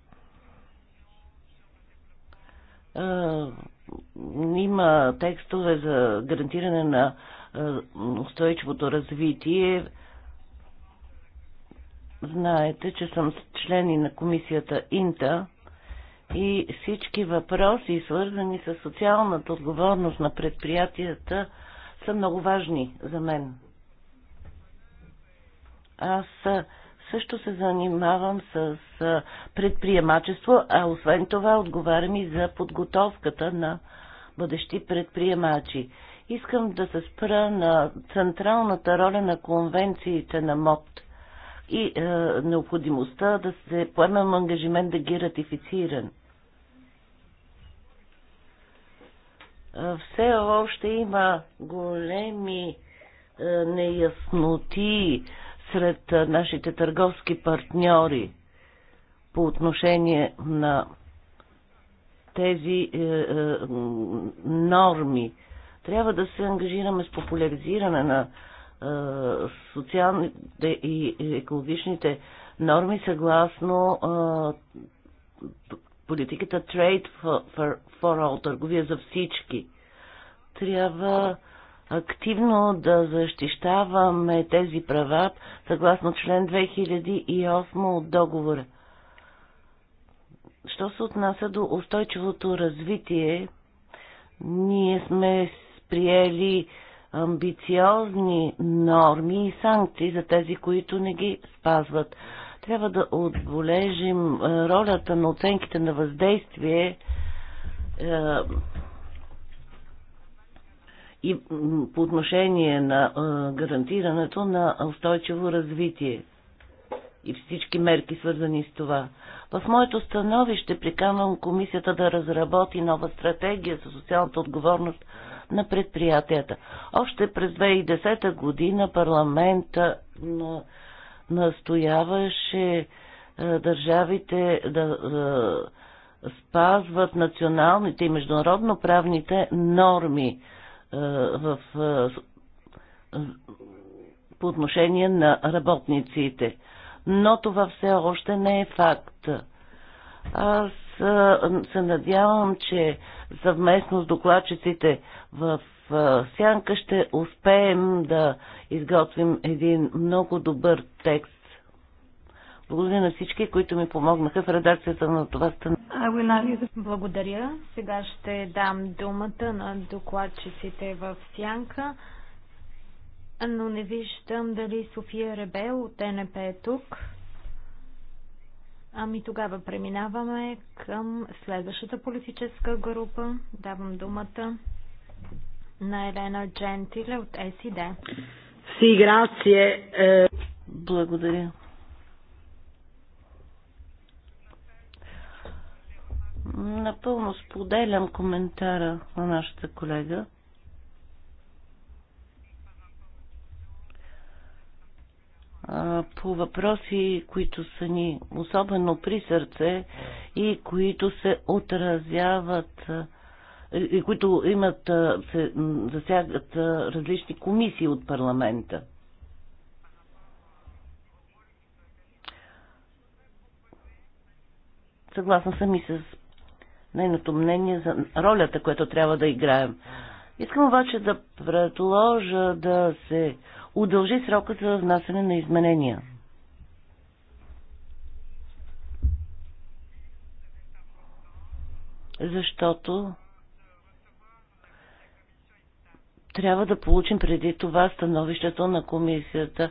има текстове за гарантиране на устойчивото развитие. Знаете, че съм член и на комисията Инта и всички въпроси, свързани с социалната отговорност на предприятията, са много важни за мен. Аз също се занимавам с предприемачество, а освен това отговарям и за подготовката на бъдещи предприемачи. Искам да се спра на централната роля на конвенциите на МОД и е, необходимостта да се поемем ангажимент да ги ратифицирам. Е, все още има големи е, неясноти сред нашите търговски партньори по отношение на тези е, е, норми. Трябва да се ангажираме с популяризиране на е, социалните и екологичните норми съгласно е, политиката Trade for, for, for All, търговия за всички. Трябва активно да защищаваме тези права съгласно член 2008 от договора. Що се отнася до устойчивото развитие, ние сме приели амбициозни норми и санкции за тези, които не ги спазват. Трябва да отболежим ролята на оценките на въздействие и по отношение на гарантирането на устойчиво развитие и всички мерки свързани с това. В моето становище приканвам комисията да разработи нова стратегия за социалната отговорност на предприятията. Още през 2010 година парламента настояваше държавите да спазват националните и международно правните норми е, в, е, по отношение на работниците. Но това все още не е факт. Аз е, се надявам, че съвместно с докладчиците в Сянка ще успеем да изготвим един много добър текст благодаря на всички, които ми помогнаха в редакцията на това становище. Благодаря. Сега ще дам думата на докладчиците в Сянка, но не виждам дали София Ребел от НП е тук. Ами тогава преминаваме към следващата политическа група. Давам думата на Елена Джентиле от СИД. Си, грация. Е- Благодаря. Напълно споделям коментара на нашата колега. по въпроси, които са ни особено при сърце и които се отразяват и които имат, се засягат различни комисии от парламента. Съгласна съм и с нейното мнение за ролята, която трябва да играем. Искам обаче да предложа да се удължи срока за внасяне на изменения. Защото трябва да получим преди това становището на комисията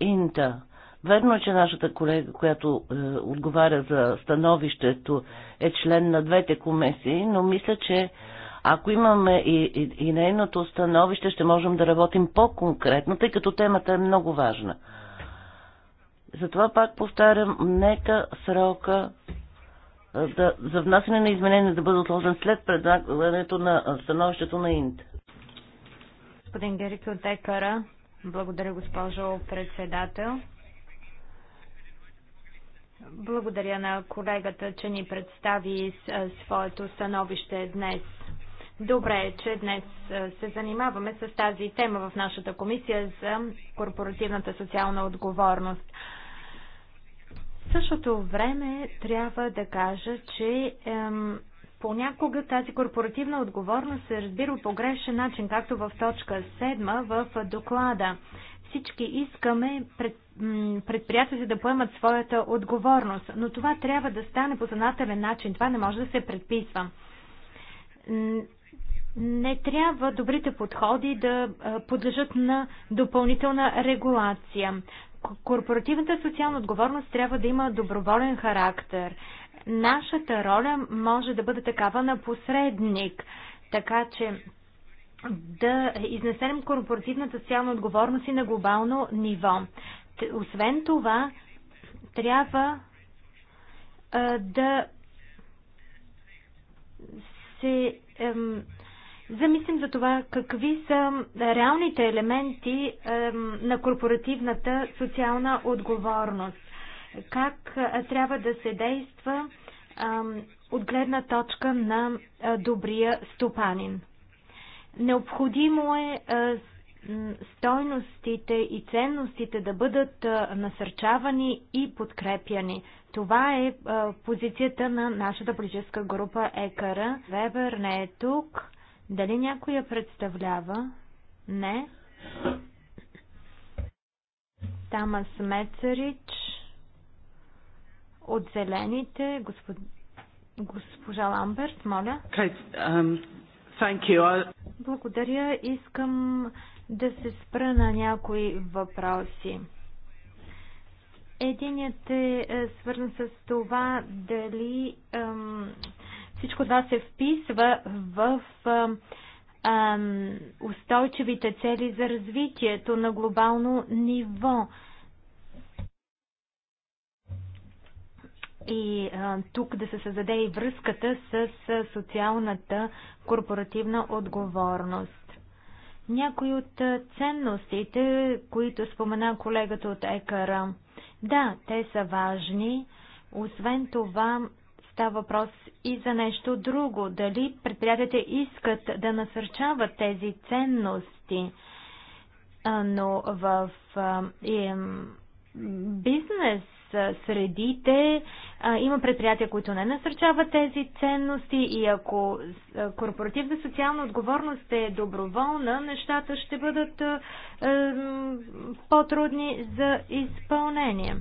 Инта. Верно е, че нашата колега, която е, отговаря за становището, е член на двете комисии, но мисля, че ако имаме и, и, и нейното становище, ще можем да работим по-конкретно, тъй като темата е много важна. Затова пак повтарям, нека срока е, да, за внасяне на изменения да бъде отложен след предлагането на становището на Инт. Господин Герик от Екара, благодаря госпожо председател. Благодаря на колегата, че ни представи е, своето становище днес. Добре е, че днес е, се занимаваме с тази тема в нашата комисия за корпоративната социална отговорност. В същото време трябва да кажа, че ем, понякога тази корпоративна отговорност се разбира по грешен начин, както в точка 7 в доклада. Всички искаме пред, предприятията да поемат своята отговорност, но това трябва да стане по съзнателен начин. Това не може да се предписва. Не трябва добрите подходи да подлежат на допълнителна регулация. Корпоративната социална отговорност трябва да има доброволен характер. Нашата роля може да бъде такава на посредник, така че да изнесем корпоративната социална отговорност и на глобално ниво. Освен това, трябва а, да се ем, замислим за това какви са реалните елементи ем, на корпоративната социална отговорност. Как а, трябва да се действа ем, от гледна точка на а, добрия стопанин. Необходимо е, е стойностите и ценностите да бъдат е, насърчавани и подкрепяни. Това е, е позицията на нашата политическа група ЕКАРА. Вебер не е тук. Дали някой я представлява? Не. Тамас Мецерич от Зелените, госпожа Ламберт, моля. Okay, um, thank you. I... Благодаря. Искам да се спра на някои въпроси. Единият е, е свързан с това дали ем, всичко това се вписва в ем, устойчивите цели за развитието на глобално ниво. и а, тук да се създаде и връзката с социалната корпоративна отговорност. Някои от ценностите, които спомена колегата от екара, Да, те са важни. Освен това, става въпрос и за нещо друго. Дали предприятията искат да насърчават тези ценности, но в бизнес средите. Има предприятия, които не насърчават тези ценности и ако корпоративна социална отговорност е доброволна, нещата ще бъдат по-трудни за изпълнение.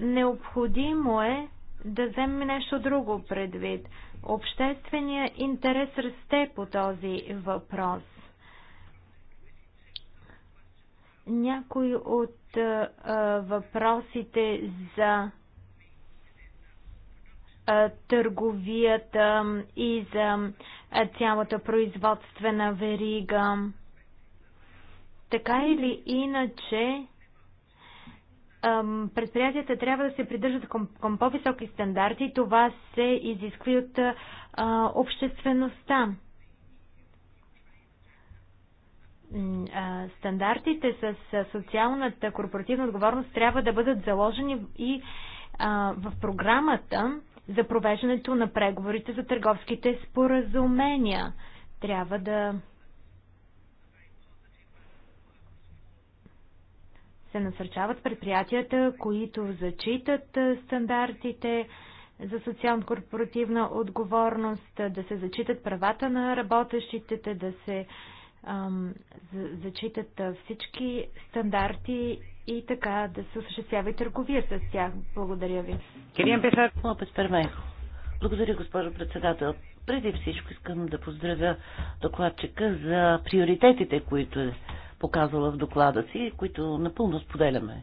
Необходимо е да вземем нещо друго предвид. Обществения интерес расте по този въпрос. Някои от а, въпросите за а, търговията и за а, цялата производствена верига. Така или иначе, предприятията трябва да се придържат към, към по-високи стандарти. Това се изисква от а, обществеността стандартите с социалната корпоративна отговорност трябва да бъдат заложени и в програмата за провеждането на преговорите за търговските споразумения. Трябва да се насърчават предприятията, които зачитат стандартите за социално-корпоративна отговорност, да се зачитат правата на работещите, да се а, зачитат всички стандарти и така да се осъществява и търговия с тях. Благодаря ви. Кирия Пехар. опет Пермехо. Благодаря, госпожо председател. Преди всичко искам да поздравя докладчика за приоритетите, които е показала в доклада си, които напълно споделяме.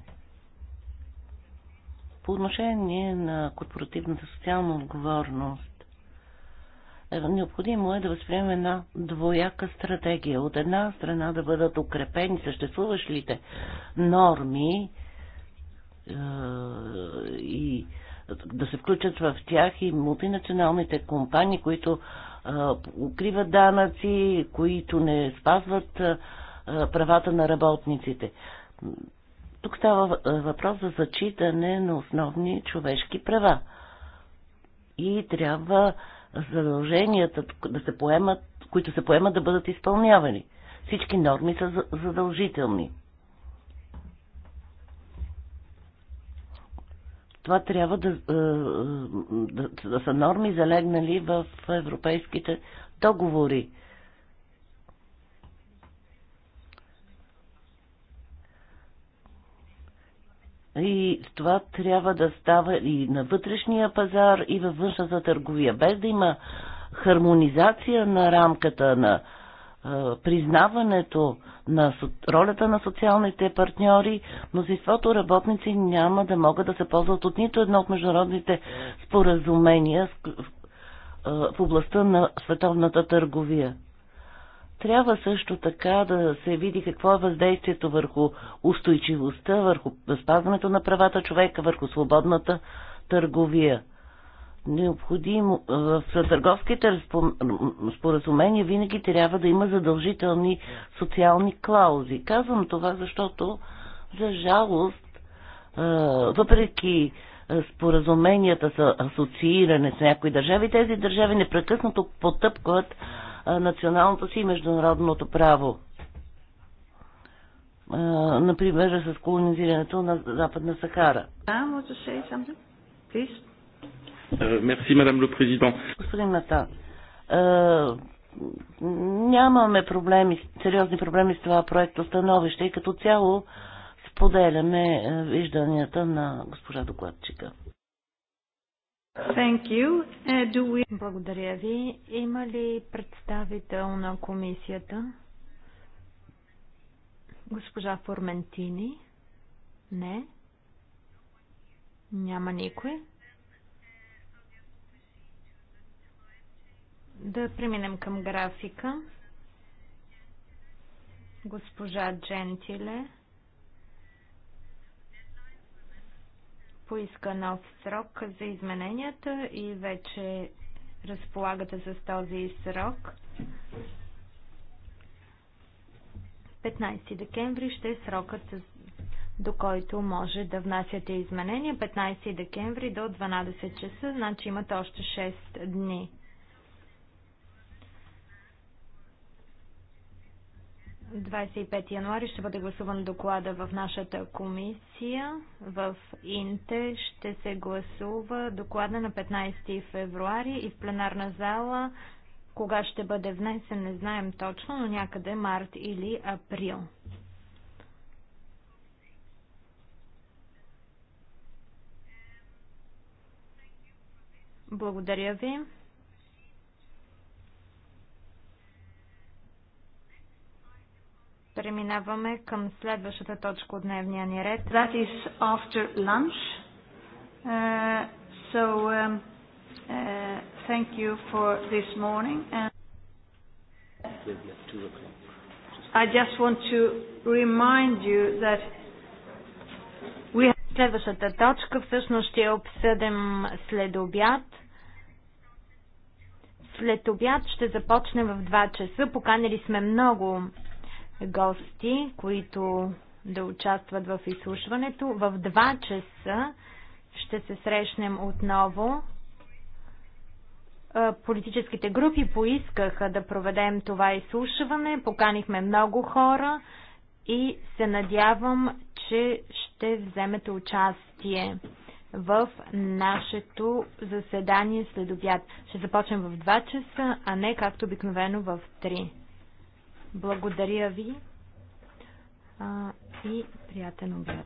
По отношение на корпоративната социална отговорност, Необходимо е да възприемем една двояка стратегия. От една страна да бъдат укрепени съществуващите норми е, и да се включат в тях и мултинационалните компании, които е, укриват данъци, които не спазват е, правата на работниците. Тук става въпрос за зачитане на основни човешки права. И трябва задълженията да се поемат, които се поемат да бъдат изпълнявани. Всички норми са задължителни. Това трябва да, е, да, да са норми залегнали в европейските договори. И това трябва да става и на вътрешния пазар, и във външната търговия, без да има хармонизация на рамката на е, признаването на ролята на социалните партньори, мнозинството работници няма да могат да се ползват от нито едно от международните споразумения е, в областта на световната търговия. Трябва също така да се види какво е въздействието върху устойчивостта, върху спазването на правата човека, върху свободната търговия. Необходимо е, в търговските споразумения винаги трябва да има задължителни социални клаузи. Казвам това, защото за жалост, е, въпреки е, споразуменията са асоцииране с някои държави, тези държави непрекъснато потъпкват националното си и международното право. Например, с колонизирането на Западна Сахара. Е е, мерси, мадам ле президент. Господин Натан, нямаме проблеми, сериозни проблеми с това проекто становище и като цяло споделяме вижданията на госпожа докладчика. Thank you. Uh, do we... Благодаря ви. Има ли представител на комисията? Госпожа Форментини? Не. Няма никой. Да преминем към графика. Госпожа Джентиле поиска нов срок за измененията и вече разполагате с този срок. 15 декември ще е срокът, до който може да внасяте изменения. 15 декември до 12 часа, значи имате още 6 дни. 25 януари ще бъде гласуван доклада в нашата комисия. В Инте ще се гласува доклада на 15 февруари и в пленарна зала. Кога ще бъде внесен, не знаем точно, но някъде март или април. Благодаря ви. Преминаваме към следващата точка от дневния ни ред. That is after lunch. Uh, so, um, uh, thank you for this morning. And I just want to remind you that we have... Следващата точка всъщност ще обсъдим след обяд. След обяд ще започнем в 2 часа. Поканили сме много гости, които да участват в изслушването. В 2 часа ще се срещнем отново. Политическите групи поискаха да проведем това изслушване. Поканихме много хора и се надявам, че ще вземете участие в нашето заседание след обяд. Ще започнем в 2 часа, а не както обикновено в 3. Благодаря ви и приятен обяд.